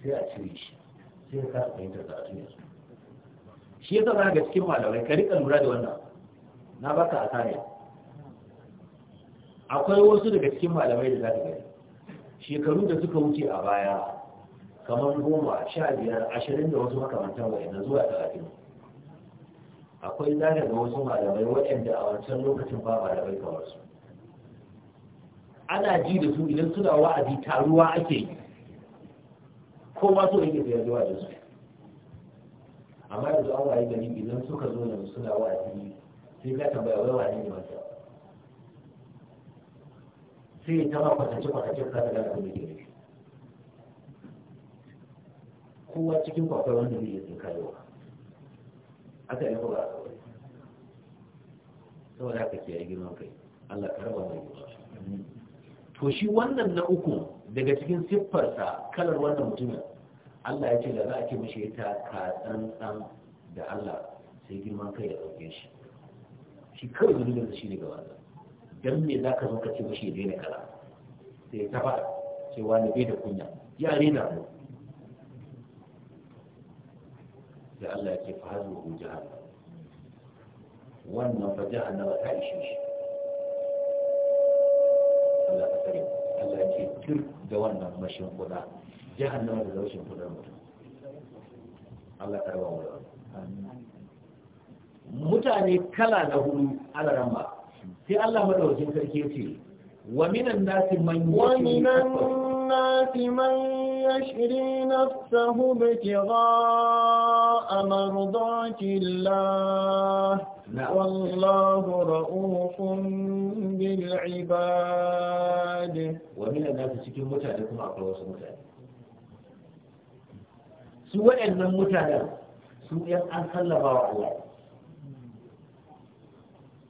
sai a cire shi sai ka kasa fahimtar da ne shi yasa za ga cikin malamai ka rika lura da wannan na baka a kare akwai wasu daga cikin malamai da za ka gani shekaru da suka wuce a baya kamar goma sha biyar ashirin da wasu makamantan yanzu zuwa talatin akwai zane ga wasu malamai waɗanda a wancan lokacin ba malamai kamar su ana ji da su idan suna wa'azi taruwa ake yi ma so yake da zuwa da su amma yanzu an waye gani idan suka zo da suna wa'azi sai ka tambaya wai wane ne wata sai ya ma kwatance kwatance ka ta da kuma gari kowa cikin kwakwai wanda zai yi wa aka yi kuma saboda aka ke yi girman kai Allah karba mai girma to shi wannan na uku daga cikin siffarsa kalar wannan mutumin Allah ya ce da za a ce mashi ta katsantsan da Allah sai girman kai ya ɗauke shi shi kawai zunubin da shi ne gaba don me za ka zo ka ce mashi ya daina kala sai ya tafa cewa ne bai da kunya ya rena mu da Allah ya ce fa hazu jihar, wannan fa jahannama ta ishe shi Allah ya ce da wannan mashin kuda da kudar mutum Allah mu da mutane kala na hudu ala ramba sai Allah madaukakin sarki ya ce wa minan nasi man yashri يشري نفسه ابتغاء مرضات الله والله رؤوف بالعباد ومن الناس cikin mutane kuma akwai wasu mutane su waɗannan mutanen su yan an sallaba wa Allah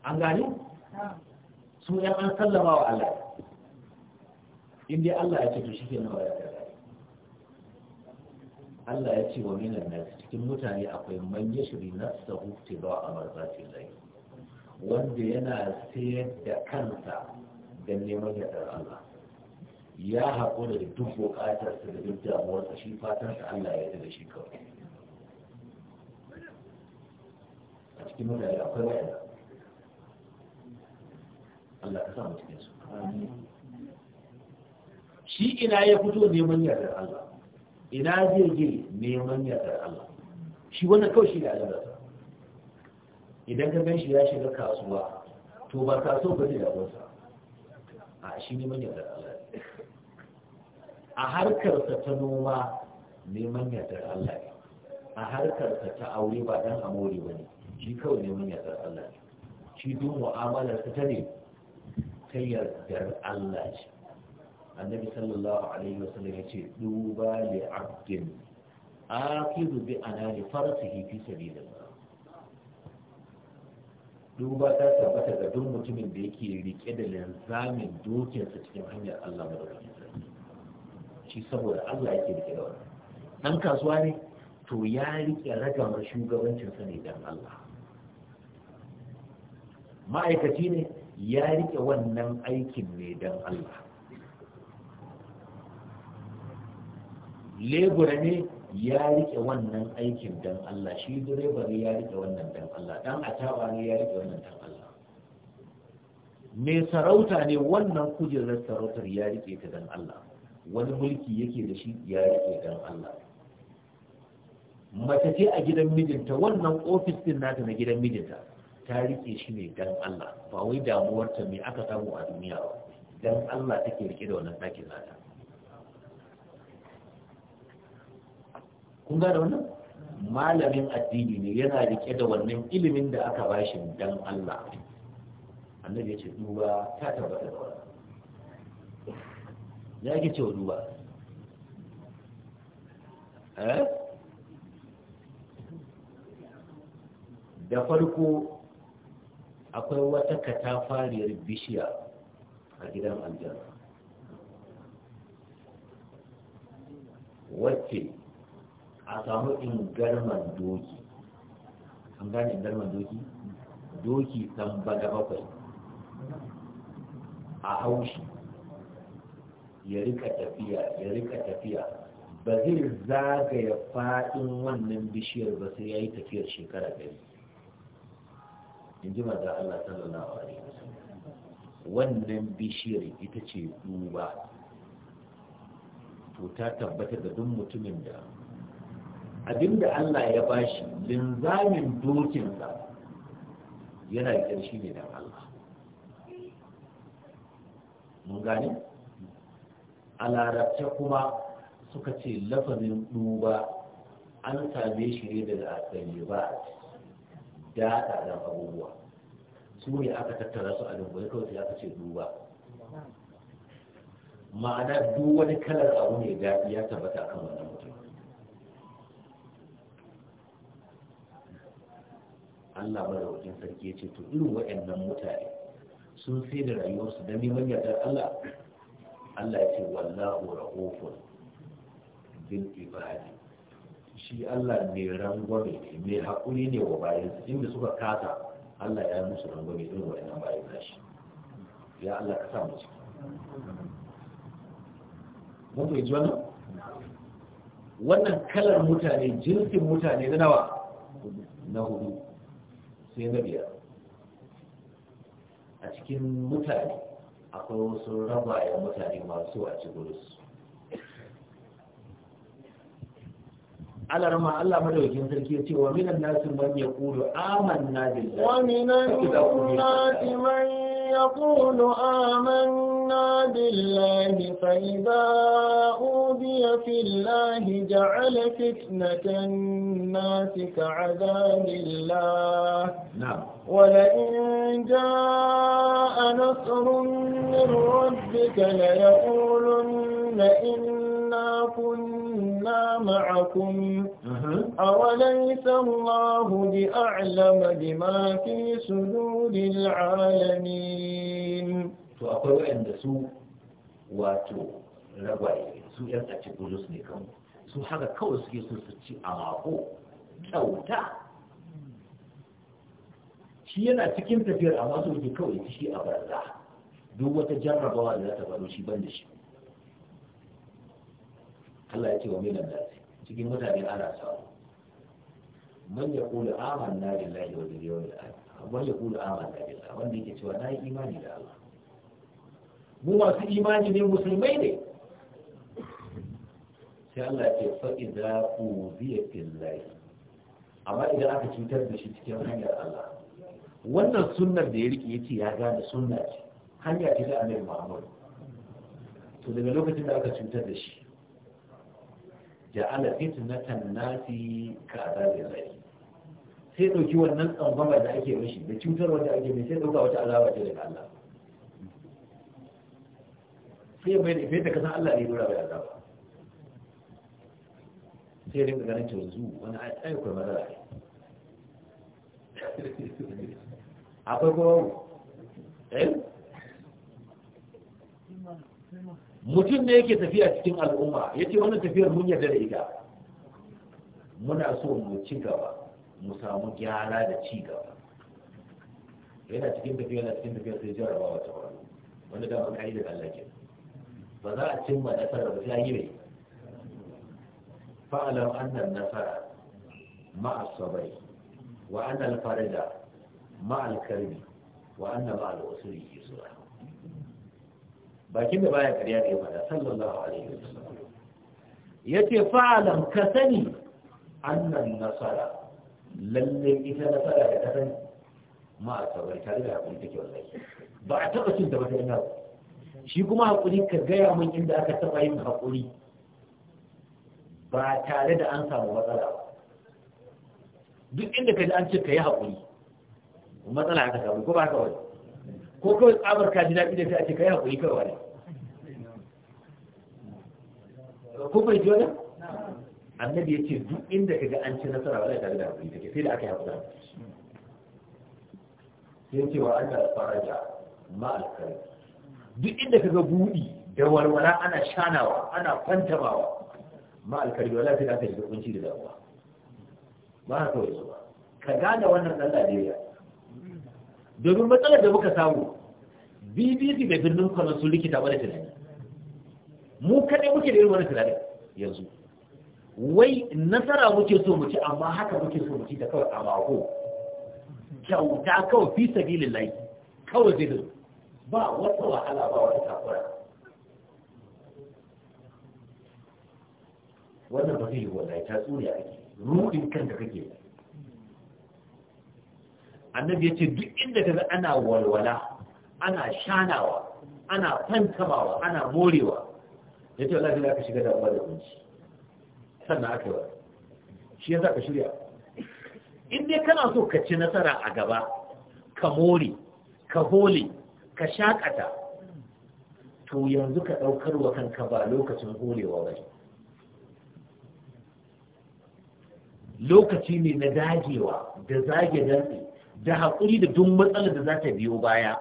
an gani su yan an sallaba wa Allah in dai Allah ya ce to shi ke nawa ya Allah ya ce wa minan nas cikin mutane akwai man ba a tiba'a lai wanda yana sayar da kansa don neman yardar Allah ya haƙo da duk su da duk damuwarsa shi fatan sa Allah ya da shi kawai a cikin mutane akwai wa'anda Allah ka sa mu cikin su shi ina ya fito neman yadda Allah ina zai je neman yardar Allah shi wannan kawai shi da albarka idan ka gan shi ya shiga kasuwa to ba kasuwa ba ne da wasa a shi neman yardar Allah a harkarsa ta noma neman yardar Allah a harkarsa ta aure ba dan amore ba ne shi kawai neman yardar Allah shi duk mu'amala ta ne ta yardar Allah ce annabi sallallahu alaihi wasallam yace duba li abdin akidu bi anani farasihi fi sabilillah duba ta tabbata ga duk mutumin da yake rike da linzamin dokinsa cikin hanyar Allah madaukakin sarki shi saboda Allah yake rike da wannan dan kasuwa ne to ya rike ragamar shugabancinsa ne dan Allah ma'aikaci ne ya rike wannan aikin ne dan Allah lebura ne ya rike wannan aikin dan Allah shi direbar ya rike wannan dan Allah dan ataba ne ya rike wannan dan Allah mai sarauta ne wannan kujerar sarautar ya rike ta dan Allah wani mulki yake da shi ya rike dan Allah mace ce a gidan mijinta wannan ofis din nata na gidan mijinta ta rike shi ne dan Allah ba wai damuwarta me aka samu a duniya ba dan Allah take rike da wannan ɗakin nata kun gane wannan malamin addini ne yana rike da wannan ilimin da aka bashi dan Allah annabi ya ce duba ta tabbata da wannan ya ke duba eh? da farko akwai wata katafariyar bishiya a gidan aljanna wacce a samu ingarman doki an gane ingarman doki doki san baga bakwai a haushi ya rika tafiya ya rika tafiya ba zai zagaya faɗin wannan bishiyar ba sai ya yi tafiyar shekara gari, in ji maza Allah sallallahu alaihi wannan bishiyar ita ce duba to ta tabbata da duk mutumin da abinda Allah ya bashi linzamin dokinsa yana da shi ne don Allah mun gane a kuma suka ce lafazin duba an same shi ne daga asali ba da abubuwa su ne aka tattara su a dubbali kawai sai aka ce duba ma'ana duk wani kalar abu ne daɗi ya tabbata kan wannan Allah wajen sarki ya ce to irin waɗannan mutane sun sai da rayuwarsu don neman yardar Allah Allah ya ce wallahu rahufun bil ibadi shi Allah ne rangwame ne mai haƙuri ne wa bayan inda suka kasa Allah ya musu rangwame irin waɗannan bayan nashi ya Allah ka sa mu ciki mun fahimci wannan wannan kalar mutane jinsin mutane na nawa na hudu sai na biyar a cikin mutane akwai wasu rabayen mutane masu a su alarma Allah madawakin sarki ya ce wa minan nasu man yaqulu amanna billahi wa minan nasu man kulu amanna آمنا بالله فإذا أوذي في الله جعل فتنة الناس كعذاب الله نعم ولئن جاء نصر من ربك ليقولن إنا كنا معكم أوليس الله بأعلم بما في سدود العالمين to akwai waɗanda su wato ragwaye su yan a bulus ne kan su haka kawai suke so su ci a mako ɗauta? shi yana cikin tafiyar amma su ke kawai shi a barza duk wata jarrabawa da za ta faru shi ban da shi Allah ya ce wa da nasi cikin mutane ana samu man ya kula amanna billahi wa bil yawmil akhir man ya kula amanna billahi wanda yake cewa na yi imani da Allah mu masu imani ne musulmai ne sai Allah ce fa'iza uziya fillahi amma idan aka cutar da shi cikin hanyar Allah wannan sunnar da ya ya yace ya gane sunna ce hanya ce ta Annabi Muhammad to daga lokacin da aka cutar da shi ja'ala fitnatan nasi ka azabil rai sai dauki wannan tsangwama da ake mishi da cutar wanda ake mai sai dauka wata azaba ce daga Allah sai mai da da kasan Allah ne nuna bai azaba sai ya rinka ganin canzu wani ayyukan matsala ne akwai kuma eh? mutum ne yake tafiya cikin al'umma ya ce wannan tafiyar mun yarda da ita muna so mu ci gaba mu samu gyara da ci gaba yana cikin tafiya yana cikin tafiya sai jarabawa ta wani wanda da an kai da Allah ke ba za a cimma nasara ba sai yi mai fa'alam annan nasara ma'as sabai wa annal farida ma'al karbi wa anna ma'al usri yusra bakin da baya ƙarya ne ba sallallahu alaihi wasallam yace fa'alam ka sani annan nasara lalle ita nasara da ka sani ma'as sabai tare da hakuri take wallahi ba a taɓa cin da wata ina ba shi kuma haƙuri ka gaya mun inda aka taɓa yin haƙuri ba tare da an samu matsala ba duk inda ka ji an ce ka yi haƙuri matsala aka samu ko ba ka wani ko kawai tsabar ka ji daɗi da ta ce ka yi haƙuri kawai wani ko bai ji wani annabi ya ce duk inda ka ga an ce nasara wani tare da haƙuri take sai da aka yi haƙuri sai ce wa an da faraja ma alkari duk inda kaga buɗi da walwala ana shanawa ana kwantamawa ma alkarbi wala sai ka shiga kunci da damuwa ba haka yi ba ka gane wannan dan Najeriya domin matsalar da muka samu BBC bai birnin Kano sun likita mana tunani mu kadai muke da irin wannan tunani yanzu wai nasara muke so mu ci amma haka muke so mu ci da kawai a mako kyauta kawai fi lai kawai zai da ba wata wahala ba wata takura wannan ba zai yi wallahi ta tsuriya ake ruɗin kan da kake annabi ya ce duk inda ka ana walwala ana shanawa ana fantamawa ana morewa ya ce wallahi za ka shiga damuwa da kunci sannan aka yi shi ya za ka shirya in dai kana so ka ci nasara a gaba ka more ka hole ka shakata to yanzu ka ɗaukar wa kanka ba lokacin horewa ba lokaci ne na dagewa da zage dantse da haƙuri da duk matsalar da za ta biyo baya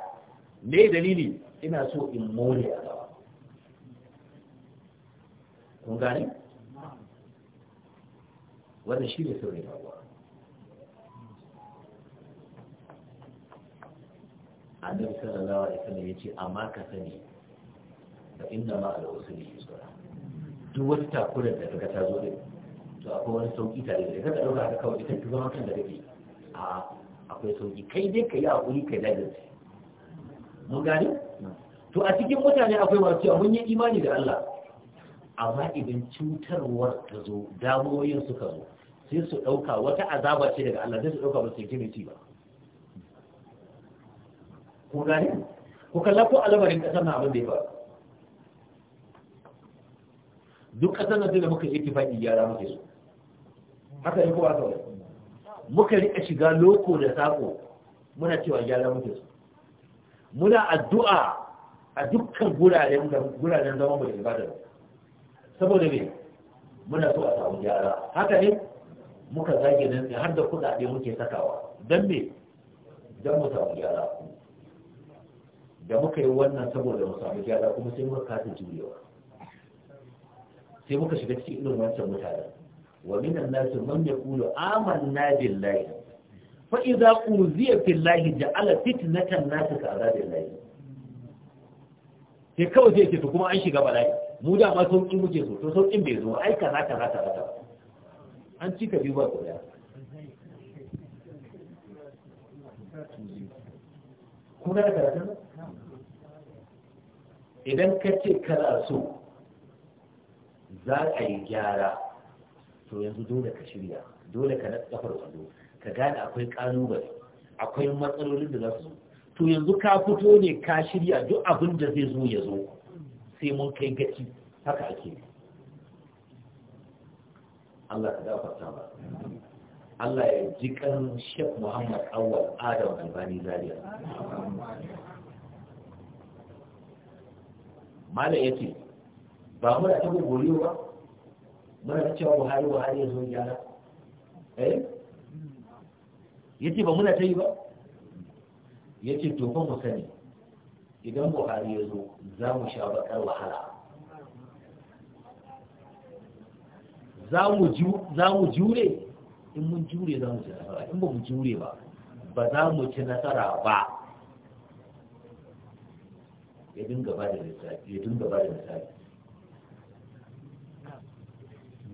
me dalili ina so in more a gaba kun gani? wannan shi ne saurin annabi sallallahu alaihi wasallam yace amma ka sani da inna ma al-usri yusra duk wata takura da kaga ta zo din to akwai wani sauki tare da kaga dauka ka kawai ita zama kan da kake a akwai sauki kai dai kai hakuri kai dajin mun gane to a cikin mutane akwai masu cewa mun yi imani da Allah amma idan cutarwar ta zo damuwoyin suka zo sai su dauka wata azaba ce daga Allah sai su dauka ba su yi ba ku gani ku kalla ko al'amarin kasar na abin da ya faru duk kasar nan sai da yi ittifaqi gyara muke so haka ne kowa kawai muka rika shiga loko da sako muna cewa gyara muke so muna addu'a a dukkan guraren guraren zaman mu da ibadar saboda me muna so a samu gyara haka ne muka zage nan har da kuɗaɗe muke sakawa Dan me Dan mu samu gyara da muka yi wannan saboda mu samu gyara kuma sai muka kasa jurewa sai muka shiga cikin irin wancan mutanen wa minan nasu man yaqulu amanna billahi fa idza uziya fillahi ja'ala fitnatan nasu ka azabillahi sai kawai zai ce to kuma an shiga bala'i mu da ma sauƙin muke so to sauƙin bai zo ai kaza kaza kaza an cika biyu ba koya kun da karatun idan ka ce kana so za a yi gyara to yanzu dole ka shirya dole ka naɗa farfado ka gane akwai kanubar akwai matsalolin da za su to yanzu ka fito ne ka shirya duk abin da zai zo ya zo sai mun kai gaci haka ake Allah ka ba Allah ya ji kan Sheikh Muhammad Awal Adam Albani Zaria malam ya ce ba muna ta gogori ba muna ta cewa buhari buhari ya zo gyara eh ya ce ba muna ta yi ba ya ce to mu sani idan buhari ya zo za mu sha bakar wahala za mu jure in mun jure za mu ci nasara in ba mu jure ba ba za mu ci nasara ba ya dinga ba da ya dinga ba misali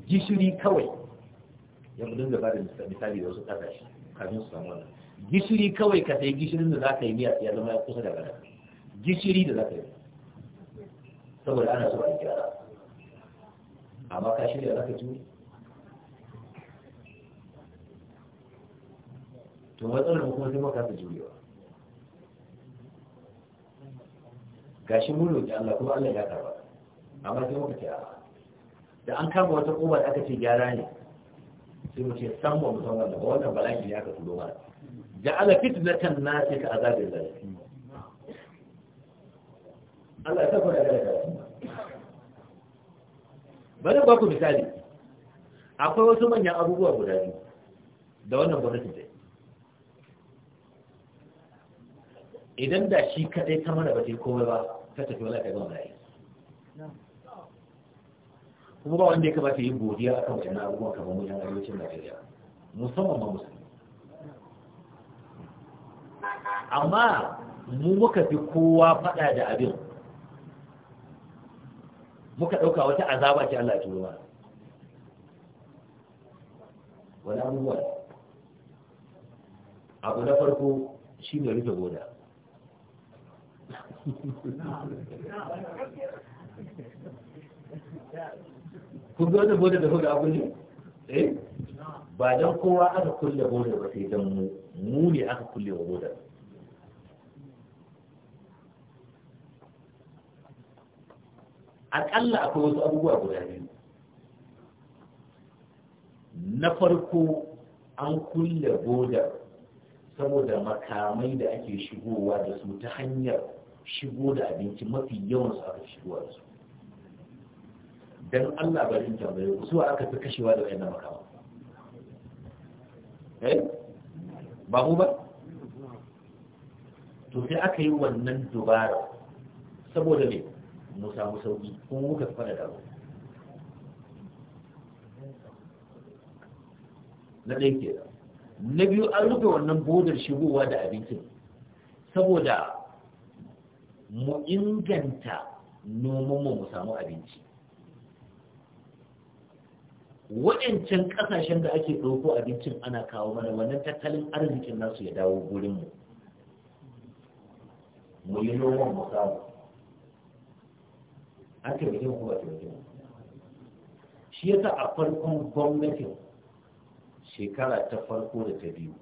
gishiri kawai ya dinga ba da misali da wasu kasashe kamin su samu wannan gishiri kawai ka sai gishirin da za ka yi miya ya zama kusa da gada gishiri da za ka yi saboda ana so a gyara amma ka shirya za ka ci to matsalar kuma sai maka ta jurewa gashi mun roƙi Allah kuma Allah ya karba amma sai muka ce a da an kama wata kuma da aka ce gyara ne sai mu ce san ba mu san wannan wannan bala'i ne aka tulo mana ala fitnatan nasi ka azabil zalim Allah ya saka da gaskiya bari ba ku misali akwai wasu manyan abubuwa guda biyu da wannan gwamnati ta idan da shi kadai ta mana ba ta komai ba tafi wala ka zauna kuma ba wanda ya kamata yin godiya akan wajen abubuwan kamar mu yan arewacin Najeriya musamman ma musulmi amma mu muka fi kowa faɗa da abin muka ɗauka wata azaba ce Allah ya turo wani abubuwa abu na farko shi ne rufe goda. Ku bi da boda da hudu abu ne eh ba don kowa aka kulle boda ba sai don mu mu ne aka kulle wa boda aƙalla akwai wasu abubuwa guda biyu na farko an kulle boda saboda makamai da ake shigowa da su ta hanyar shigo da abinci mafi yawan su aka shigo da su dan Allah barin tambaye ku suwa aka fi kashewa da wayannan makama eh ba mu ba to sai aka yi wannan dubara saboda ne mu samu sauki kuma muka fara da na ɗaya ke na biyu an rufe wannan bodar shigowa da abincin saboda mu inganta noman mu samu abinci waɗancan ƙasashen da ake ɗauko abincin ana kawo mana wannan tattalin arzikin nasu ya dawo gurin mu yi noman mu samu an taimake mu ba taimake mu shi ya sa a farkon gwamnatin shekara ta farko da ta biyu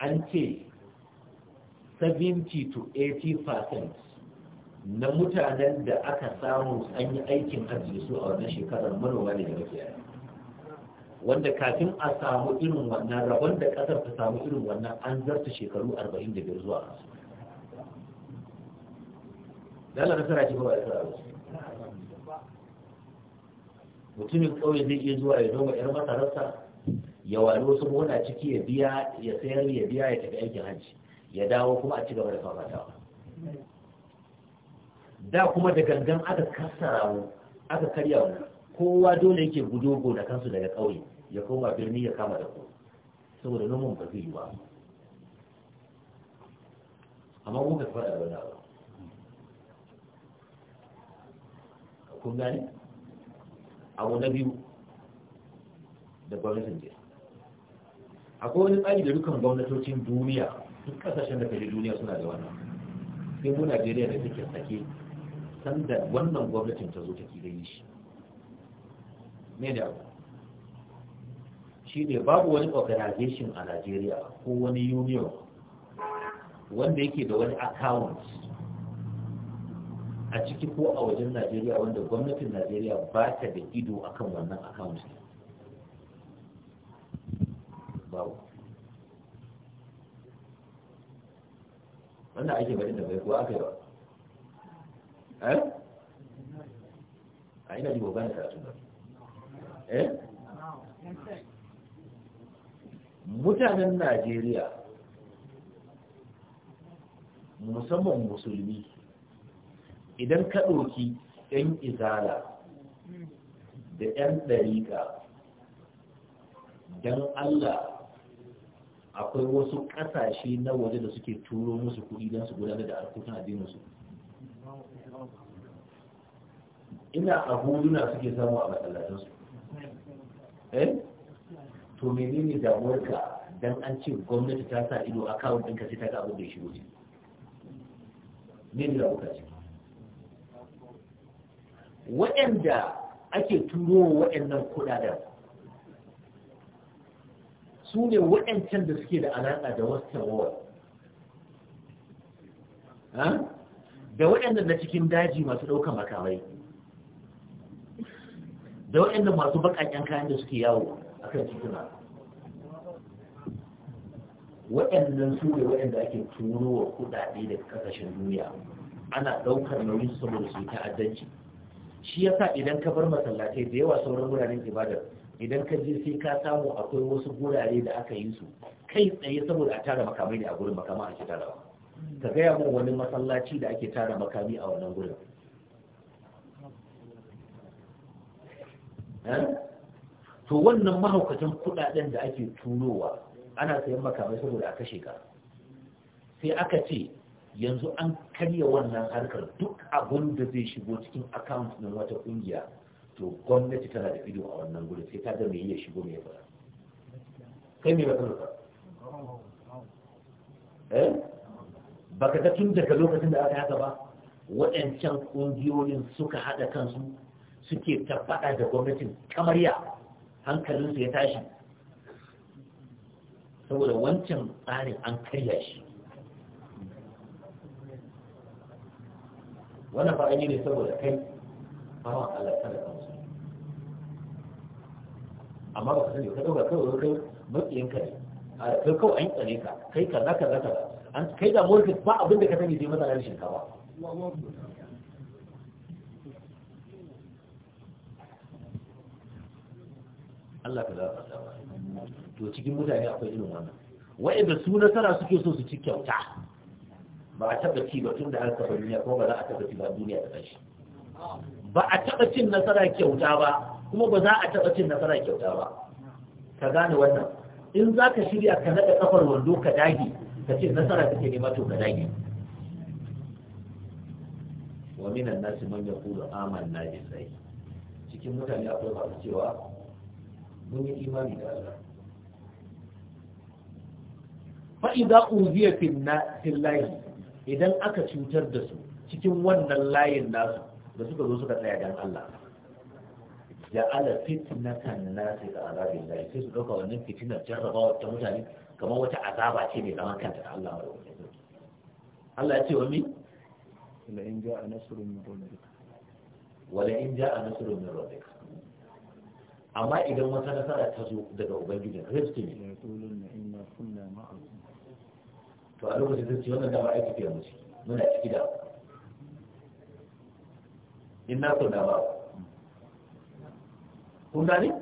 an ce 70 to 80% na mutanen da aka samu an yi aikin hajji su a wannan shekarar manoma ne da mafiya wanda kafin a samu irin wannan rabon da kasar ta samu irin wannan an zarta shekaru 45 zuwa dala nasara ce ba ba nasara ba mutumin kawai zai iya zuwa ya noma 'yar masararsa ya wani wasu mona ciki ya biya ya sayar ya biya ya tafi aikin hajji ya dawo kuma a ci gaba da fafatawa da kuma da gangan aka kasarawo mu aka karya mu kowa dole yake gudogo da kansu daga ƙauye ya koma birni ya kama da ku saboda noman ba zai yi ba amma kun ka faɗa da wani abu kun gane abu na biyu da gwamnatin jiya akwai wani tsari da dukkan gwamnatocin duniya duk kasashen da kaji duniya suna da wannan sai mu najeriya da take sake sanda wannan gwamnatin ta zo take gani shi me da shi ne babu wani organization a Najeriya ko wani union wanda yake da wani account a ciki ko a wajen Najeriya wanda gwamnatin Najeriya ba ta da ido akan wannan account ba wanda ake bari da bai kuwa aka yi ba eh a ina ji jibo da karatu ba eh mutanen najeriya musamman musulmi idan ka ɗauki 'yan izala da 'yan ɗariƙa don allah akwai wasu ƙasashe na waje da suke turo musu kuɗi don su gudanar da harkokin addinin su ina a huduna suke samu a matsalatin su eh to menene damuwarka dan an ce gwamnati ta sa ido a kawo ɗinka sai ta ga abin da ya shigo ne menene damuwarka ce waɗanda ake turo waɗannan kuɗaɗen su ne waɗancan da suke da alaƙa da western world da waɗanda na cikin daji masu ɗaukar makamai da waɗanda masu baƙaƙen kayan da suke yawo a kan tituna waɗannan su ne waɗanda ake turo wa kuɗaɗe da ƙasashen duniya ana ɗaukar nauyin saboda su yi ta'addanci shi yasa idan ka bar masallatai da yawa sauran wuraren ibadar idan ka je sai ka samu akwai wasu gurare da aka yi su kai tsaye saboda a tara makamai ne a gurin makama ake tara ba ka gaya mun wani masallaci da ake tara makami a wannan gurin eh? to wannan mahaukacin kudaden da ake turowa ana sayan makamai saboda a kashe ka sai aka ce yanzu an karya wannan harkar duk abun da zai shigo cikin akaunt na wata kungiya to gwamnati tana da ido a wannan gurin sai ta ga me ya shigo me ya fara kai me ba ka nufa eh baka ga tun daga lokacin da aka haka ba waɗancan ƙungiyoyin suka haɗa kansu suke ta faɗa da gwamnatin kamar ya hankalinsu ya tashi saboda wancan tsarin an karya shi wannan faɗa ne saboda kai bawan Allah kada kan amma ba ka sani ka ɗauka kawai kai makiyin ka ne kai kawai an tsane ka kai kaza ka kaza an kai da morkin ba abin da ka sani sai matsalar shinkafa Allah ka zafa sawa to cikin mutane akwai irin wannan wa'anda su nasara suke so su ci kyauta ba a taɓa ci ba tun da an kafa duniya kuma ba za a taɓa ci ba duniya ta ƙarshe ba a taɓa cin nasara kyauta ba kuma ba za a taɓa cin nasara kyauta ba ka gane wannan in za ka shirya ka naɗa kafar wando ka dage ka ce nasara kake nema to ka dage wa minan nasi man aman na bi sai cikin mutane akwai masu cewa mun yi imani da Allah fa idza uziya fil lahi idan aka cutar da su cikin wannan layin nasu da suka zo suka tsaya dan Allah ala fitnatan nasi da azabin lahi sai su dauka wannan fitinar jarrabawa ta mutane kamar wata azaba ce mai zaman kanta da Allah wa Allah ya ce wa min la in ja'a nasrun min rabbika in ja'a nasrun min rabbika amma idan wata nasara ta zo daga ubangiji kristi ne to a lokacin da ce wannan dama aiki ke muna ciki da inna kunna ma'a kun gane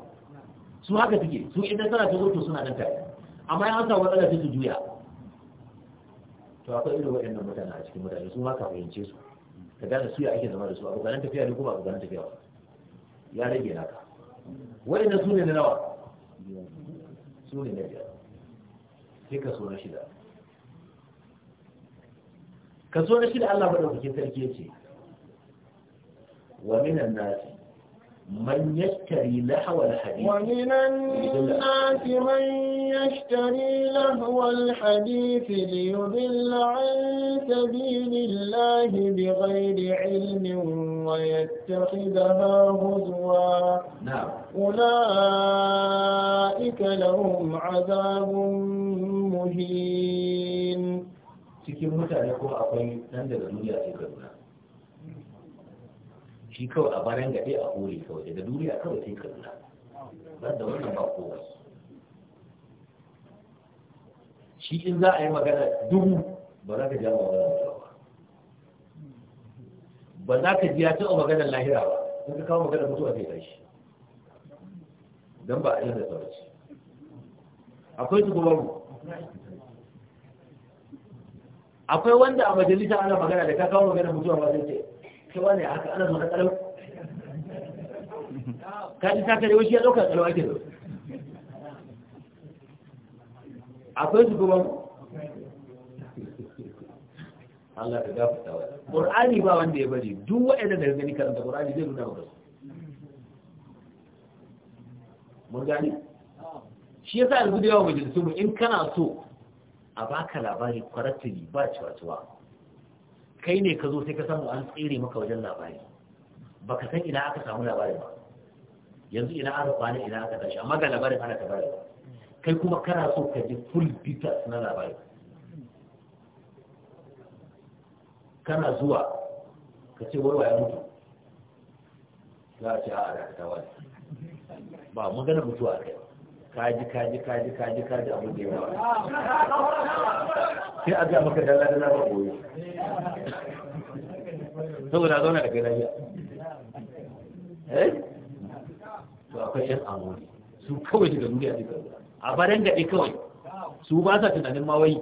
su haka take su idan tana ta zo suna danta tare amma yan samu matsala sai juya to akwai irin waɗannan mutane a cikin mutane su ma ka fahimce su ka gane su ya ake zama da su a ganin tafiya ne kuma a ganin tafiya ya rage naka waɗannan su ne na nawa su ne na biyar sai so na shida so na shida Allah maɗaukakin sarki ya wa minan nasi من يشتري لهو الحديث ومن الناس من يشتري لهو الحديث ليضل عن سبيل الله بغير علم ويتخذها هزوا نعم أولئك لهم عذاب مهين cikin mutane أقوي akwai shi kawai a bayan gaɗe a hore kawai daga duniya kawai sai kaduna ba da wannan ba kowa shi in za a yi magana dubu ba za ka ja ba wannan ba ba za ka ji ya taɓa maganar lahira ba in ka kawo maganar mutuwa zai tashi don ba a yi da sauransu akwai su kuma akwai wanda a majalisa ana magana da ka kawo maganar mutuwa ba zai ce kai wani haka ana zuwa kalau ka ji ta kare wuce ya ɗauka kalau ake zo akwai su kuma Allah ka gafarta wa Qur'ani ba wanda ya bari duk wa'anda da gani karanta Qur'ani zai nuna maka mun gani shi yasa yanzu da yawan majalisun in kana so a baka labari kwaratili ba ciwa-ciwa kai ne ka zo sai ka samu an tsere maka wajen labari ba ka san ina aka samu labari ba yanzu ina aka kwana ina aka tashi amma ga labarin ana ta bari kai kuma kana so ka ji full details na labari kana zuwa ka ce wai ya mutu za a ce a dakatawa ne ba magana mutuwa kai ba kaji kaji kaji kaji kaji abu da yawa sai a ga maka dala dala ba goyo saboda zauna da kai lafiya eh to akwai yan amuri su kawai daga duniya ne a baran gaɗe kawai su ba sa tunanin ma wai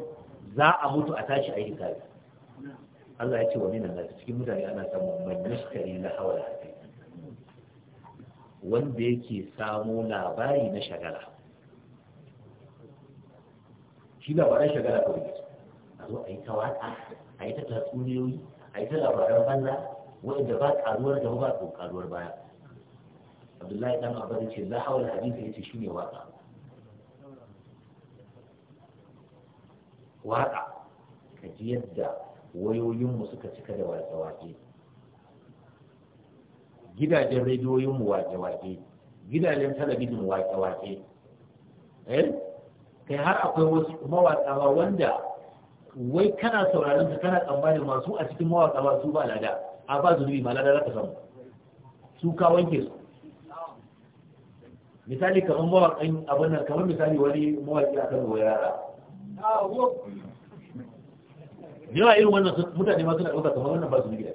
za a mutu a tashi a yi hisabi Allah ya ce wani minan nasu cikin mutane ana samun mai muskari na hawa da wanda yake samu labari na shagala shi labaran shagala kawai ne a zo a yi ta waƙa a yi ta tatsuniyoyi a yi ta labaran banza da ba karuwar da ba ko karuwar baya abdullahi dan abin ce la hawla hadisi shi ne waƙa waƙa ka ji yadda wayoyinmu suka cika da waƙe-waƙe gidajen rediyoyinmu waƙe-waƙe gidajen talabijin waƙe-waƙe eh kai har akwai wasu mawaƙa ba wanda wai kana sauraron su kana tsammanin masu a cikin mawaƙa ba su ba lada a ba zunubi ma lada za ka samu su ka wanke su misali kamar mawaƙan abin nan kamar misali wani mawaƙi a kan yara yawa irin wannan mutane ma suna ɗauka kamar wannan ba su gida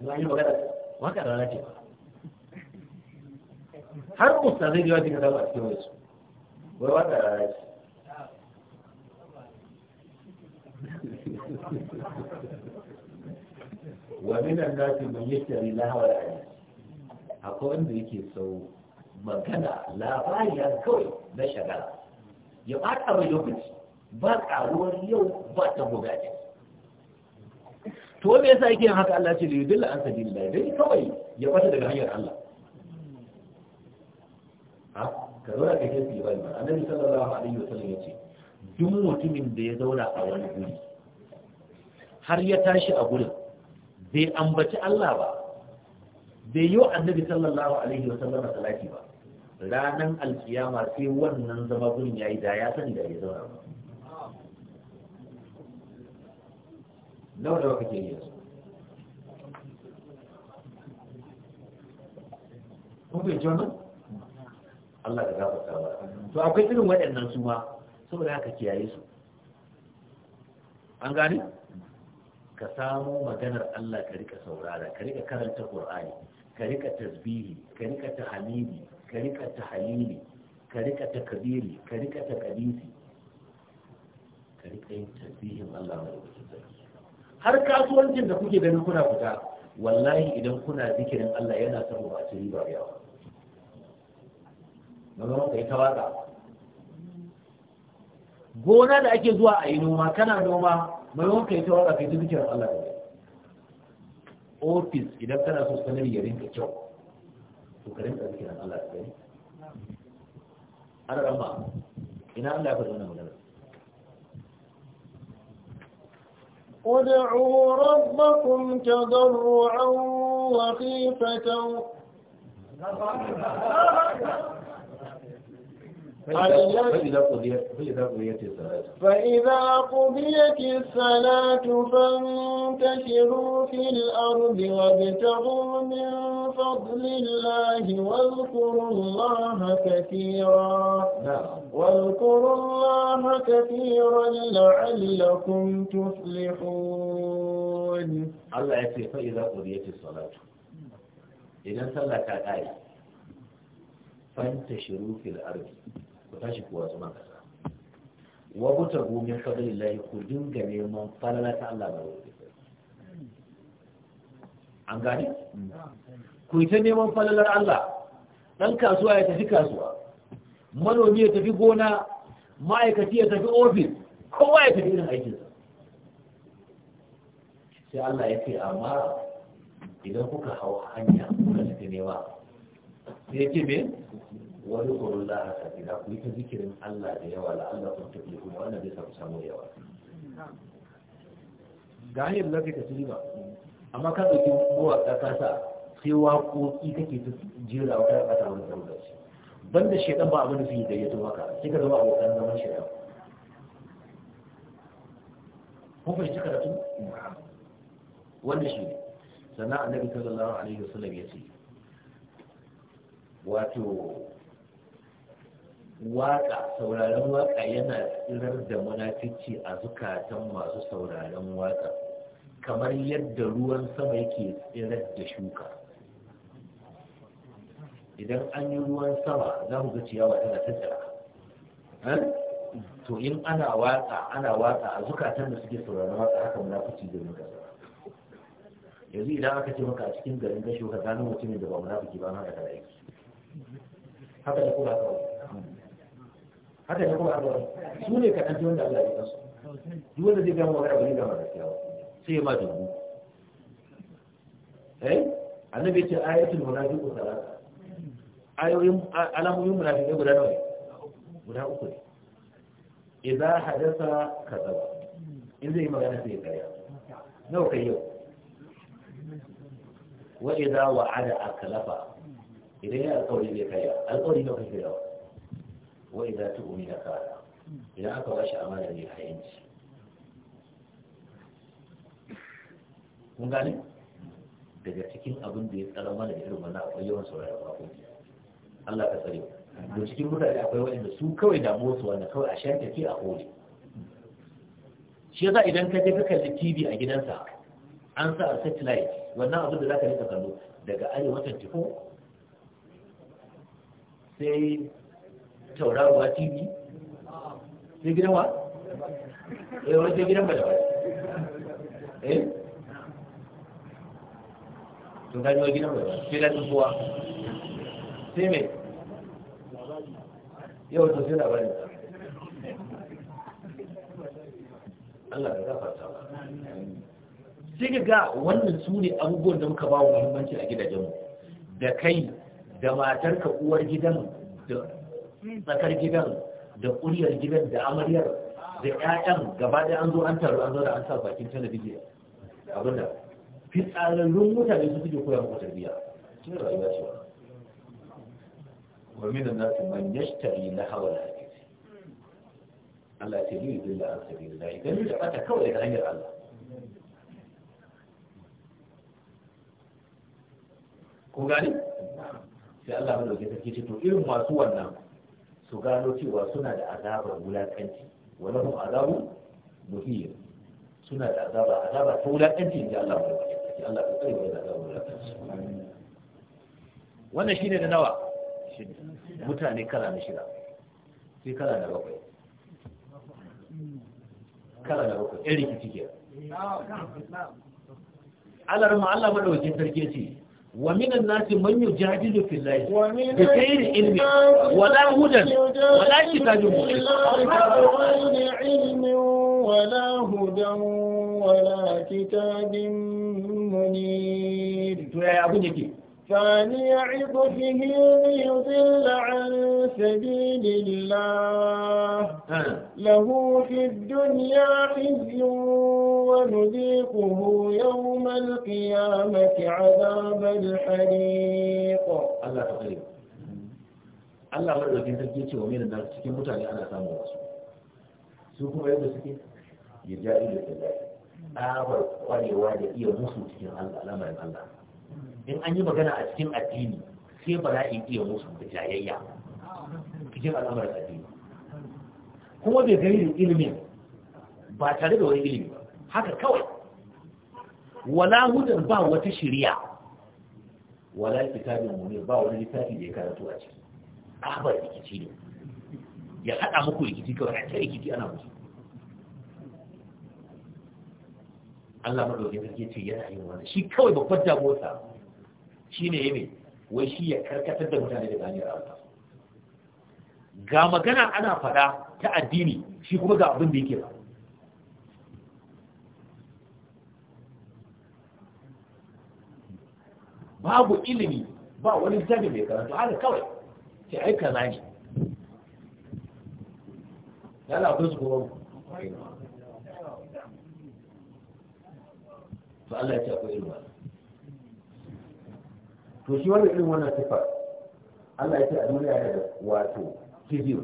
ba yi rana ce har musta zai yawa cikin zama a cikin wasu وبلاش ومن الناس من يشتري لها ولا يعيش أقول إنه يجي سو مكنا لا فاية كوي بشغل يقاطع يومش بقى أول يوم بقى مباشر تو me yasa yake yin haka Allah ce da yudilla an sabilillah dai kawai ya fata daga hanyar Allah ka zauna ka tafi ba ba annabi sallallahu alaihi wasallam ce, duk mutumin da ya zauna a wani guri har ya tashi a gurin bai ambaci Allah ba bai yi annabi sallallahu alaihi wasallam salati ba ranan alkiyama sai wannan zama gurin yayi da ya sani da ya zauna ba nawa da kake yi Kun bai jona? Allah ya gafarta ba to akwai irin waɗannan su ma saboda haka kiyaye su an gane ka samu maganar Allah ka rika saurara ka rika karanta Qur'ani ka rika tasbihi ka rika tahmidi ka rika tahlili ka rika takbiri ka rika takdisi ka rika yin tasbihin Allah mai har kasuwancin da kuke ganin kuna fita wallahi idan kuna zikirin Allah yana samu ba ci riba yawa magana kai yi waka gona da ake zuwa a yi noma kana noma maimakon kai yi waka kai ta zikirar Allah ne ofis idan kana so sanar yarin rinka kyau to ka rinka zikirar Allah ne ana rama ina Allah ya faɗi wannan magana ادعوا ربكم تضرعا وخيفة فإذا قضيت الصلاة فإذا قضيت الصلاة فانتشروا في الأرض وابتغوا من فضل الله واذكروا الله كثيرا نعم. واذكروا الله كثيرا لعلكم تفلحون الله يكفي فإذا قضيت الصلاة إذا صلى كاكاية فانتشروا في الأرض ku tashi kuwa zuma kasa wa buta gomin fadlin lahi ku dinga neman falala ta Allah ba an gani ku yi ta neman falalar Allah dan kasuwa ya tafi kasuwa manomi ya tafi gona ma'aikaci ya tafi ofis kowa ya tafi irin aikinsa sai Allah ya ce amma idan kuka hau hanya kuka tafi newa sai ya ce me wani kurun la'a kafira ku yi ta zikirin Allah da yawa la'alla kun tafi kuma wannan zai samu samu yawa gahir na kai taslima amma ka ɗauki mawaƙa ka sa sai waƙoƙi kake ta jera wata ya ɓata wani zaune shi banda shaidan ba abin da su yi gayyato maka sai ka zama abokan zaman shaidan kun fahimci karatu wanda shi ne sannan annabi sallallahu alaihi wasallam ya ce wato Waƙa, sauraron waƙa yana tsirar da munafici a zukatan masu sauraron waƙa, kamar yadda ruwan sama yake tsirar da shuka idan an yi ruwan sama za mu ga ciyawa tana tattara eh? to in ana waƙa ana waƙa a zukatan da suke sauraron waƙa, haka munafici da muka yanzu idan aka ce maka a cikin garin gasho ka gano mutumin da ba munafiki ba ma da aiki haka da kuma haka haka ne kuma abuwa su ne kaɗan ji wanda Allah ya kasu duk wanda zai gama magana abu ne gama gaskiya ba sai ya ma dubu eh annabi ce ayatul munafiqu salata ayoyin alamomin munafiqai guda nawa guda uku ne idza hadasa kadaba in zai magana sai ya kaya nawa kai yau wa idza wa'ada aklafa idan ya alƙawari zai kaya alƙawari nawa kai yawa wai za ta umi na fara idan aka a mara ne a yanci kun gane daga cikin abin da ya tsara mana da irin wannan akwai yawan sauraron waƙoƙi Allah ka tsare da cikin mutane akwai waɗanda su kawai damuwa su wanda kawai a shan tafi a kone shi yasa idan ka je ka kalli TV a gidansa an sa a satellite wannan abin da za ka rika kallo daga watan 24 sai tauraruwa tv sai gidan wa eh wani sai gidan bada eh to ka ji gidan bada sai da kuwa? sai me yau to sai labarin Allah ya gafarta sai ga wannan su ne abubuwan da muka ba wa muhimmanci a gidajenmu da kai da matarka uwar gidan da tsakar gidan da kuriyar gidan da amaryar da ƴaƴan gaba da an zo an taru an zo da an sa bakin talabijin abinda fitsararrun mutane su suke koya muku tarbiyya cikin rayuwa ce wa min an-nas man yashtari lahawal hadith Allah ta yi dilla an sabilillah idan da ta kawai da hanyar Allah ko gani sai Allah ba dauke sarki ce to irin masu wannan su gano cewa suna da azabar wulakanci walahum azabu muhiyya suna da azaba azaba ta wulakanci inji Allah mu da Allah ka tsare da azabar wulakanci wannan shine da nawa mutane kala na shida sai kala na bakwai kala na bakwai ɗan rikici ke alarma Allah madawacin sarki ce ومن الناس من يجادل في الله بغير علم ولا هدى ولا كتاب مبين علم ولا هدى ولا كتاب منير ثاني عض به ليضل عن سبيل الله له في الدنيا خزي ونذيقه يوم القيامة عذاب الحريق الله تقريب الله الله يجب أن تركيتي ومين أنك تكون متعلي أنا أسامه واسو سوكو ما يجب سكي يجائي لك الله أعبر قاني وادي إيه مصر تكون الله لما يجب الله in an yi magana a cikin addini sai ba za a iya musu da jayayya cikin al'amarin addini kuma bai gani ilimi, ba tare da wani ilimi haka kawai wala hudar ba wata shirya wala kitabin mu ba wani littafi da ya karatu a ciki ahbar rikici ne ya haɗa muku rikici kawai a kai rikici ana musu Allah madaukin sarki ce yana yin wani shi kawai babbar damuwarsa Shi ne yeme wai shi ya karkatar da mutane da ganiyar Allah ga magana ana fada ta addini shi kuma ga abin da yake ba babu ilimi ba wani zabi mai karatu haka kawai sai ai kaza ne ya lafi su kuma to Allah ya ce akwai ilimi to shi wani irin wannan sifa Allah ya ce a duniya yana da wato kibir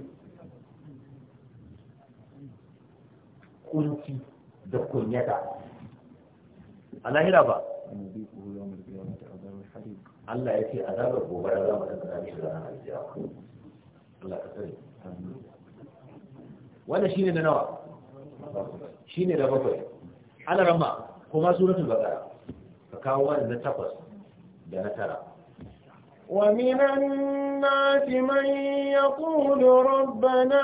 kunci da kunyata a lahira ba Allah ya ce azabar gobara za mu tattara mishi ranar aljiyawa Allah ka tsare wannan shine da nawa shine da bakwai ana rama kuma suratul baqara ka kawo wannan na takwas da na tara ومن الناس من يقول ربنا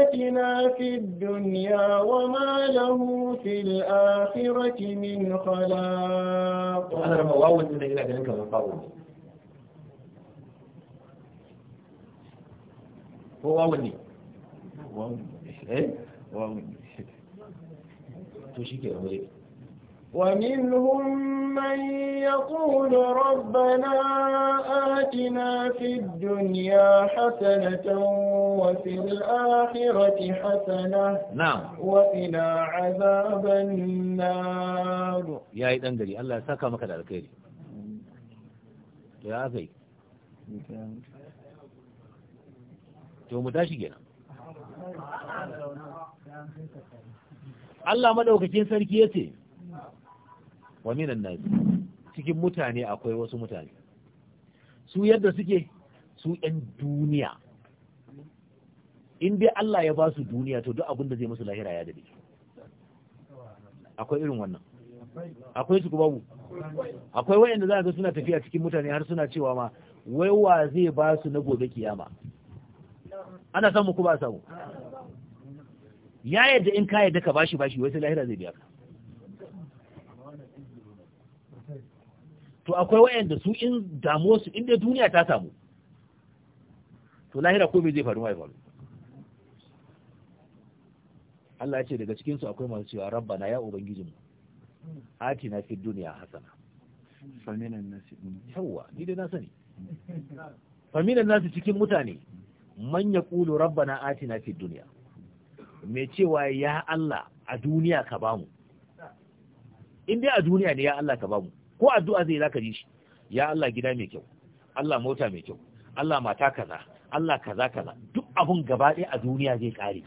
آتنا في الدنيا وما له في الآخرة من خلاق أنا لما أول من إلى ذلك المقاومة هو أولني هو أولني إيه هو أولني تو شيء ومنهم من يقول ربنا آتنا في الدنيا حسنة وفي الآخرة حسنة نعم وإلى عذاب النار يا إيد أنجلي الله ساكا مكان على كيري يا أخي to mu tashi kenan Allah madaukakin sarki yace wa minan nas cikin mutane akwai wasu mutane su yadda suke su ɗan duniya in dai Allah ya ba su duniya to duk abin da zai musu lahira ya dade akwai irin wannan akwai su babu akwai wayanda za ga suna tafiya cikin mutane har suna cewa ma wai wa zai ba su na gobe kiyama ana samu ku ba samu ya yadda in ka yadda ka bashi bashi wai sai lahira zai biya ka to akwai wayanda su in damuwa su inda duniya ta samu to lahira ko me zai faru mai faru Allah ya ce daga cikin su akwai masu cewa rabbana ya ubangijinmu na fi duniya hasana faminan nasi yawa ni dai na sani faminan nasi cikin mutane man na rabbana na fi duniya me cewa ya Allah a duniya ka bamu in dai a duniya ne ya Allah ka bamu ko addu'a zai zaka ji shi ya Allah gida mai kyau Allah mota mai kyau Allah mata kaza Allah kaza kaza duk abun gaba ɗaya a duniya zai kare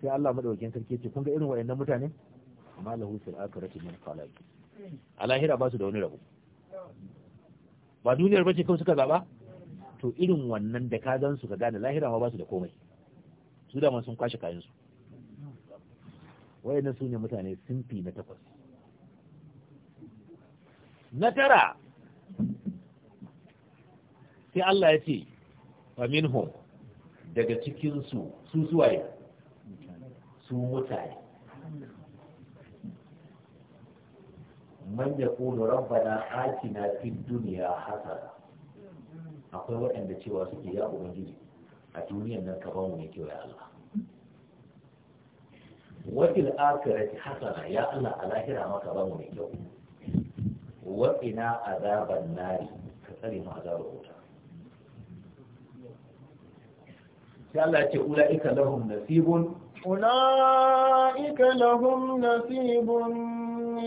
sai Allah madaukakin sarki ce kun ga irin wayannan mutane amma lahu fil akhirati min khalaq a lahira ba su da wani rabo ba duniyar bace kawai suka zaba to irin wannan da ka gan su ka gane lahira ma ba su da komai su da sun kwashe kayan su wayannan su ne mutane simfi na takwas na tara sai Allah ya ce minhu daga cikinsu su suwaye su mutane man ya kulu rabbana na fid duniya hasara, akwai waɗanda cewa suke ya ubangiji a duniyan nan ka ba ne kyau ya Allah wa fil akhirati hasana ya Allah a lahira maka ba mu ne kyau وقنا عذاب النار كثير عذاب الوتا الله أولئك لهم نصيب أولئك لهم نصيب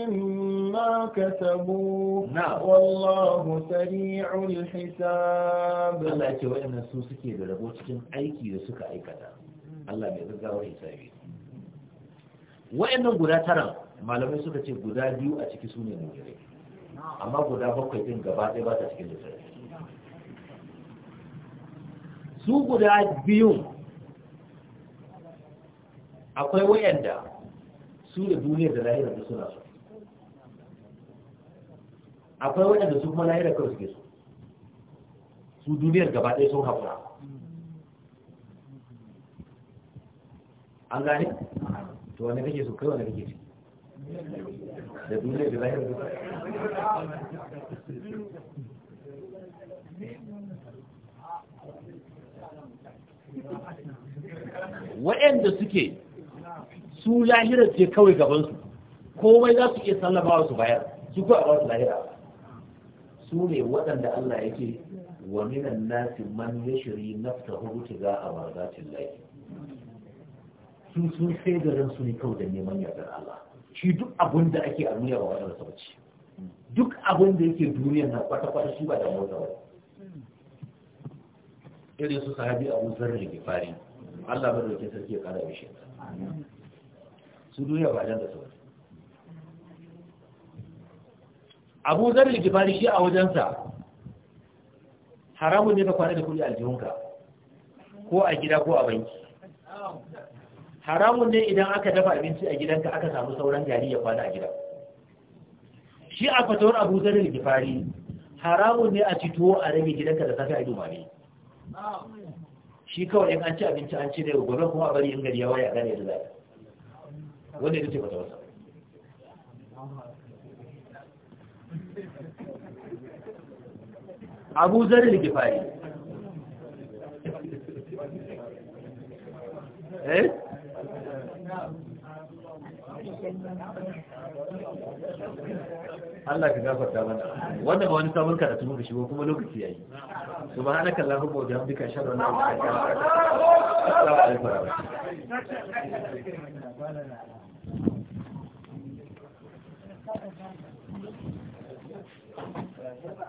مما كسبوا نعم والله سريع الحساب الله يتوى أن السوسك يدربوا تكن أيكي يسك أيكا الله يدربوا حسابي وإنه قدا ترى ما لم يسك تقدا ديو أتكسوني مجرد amma guda bakwai din gaba ɗaya ba ta cikin lissafi su guda biyu akwai wayanda su da duniya da lahira da suna so akwai wayanda su kuma lahira kawai suke so su duniyar gaba ɗaya sun haƙura an gane to wani kake so kai wani kake ciki da duniya da wa'anda suke su lahirar ce kawai gabansu komai za su iya sallama su bayar su kuwa a wasu lahira su ne waɗanda Allah ya yake wa minan nasi man yashri nafsahu za a marzatin lai su sun sai da ransu ne kawai da neman yardar Allah shi duk abin da ake a duniya ba wata ta bace duk abin da yake duniya na kwata-kwata shi ba da mota ba irin su sahabi abu zarri da fari Allah ba dauke sarki ya kara mishi su duniya ba jan da su abu zarri da fari shi a wajensa haramun ne ka kwana da kuri aljihunka ko a gida ko a banki haramun ne idan aka dafa abinci a gidanka aka samu sauran gari ya kwana a gida shi a fatawar abu zarar gifari haramun ne a cito a rage gidanka da safe a dumame shi kawai in an ci abinci an ci daya gobe kuma a bari yin gari ya waya gane da zai wanda ya ce fatawarsa abu zarar gifari eh Allah ka gafarta mana wannan ba wani samun karatu muka shigo kuma lokaci yayi subhanaka allahumma wa bihamdika ashhadu an la ilaha illa anta astaghfiruka wa atubu ilaik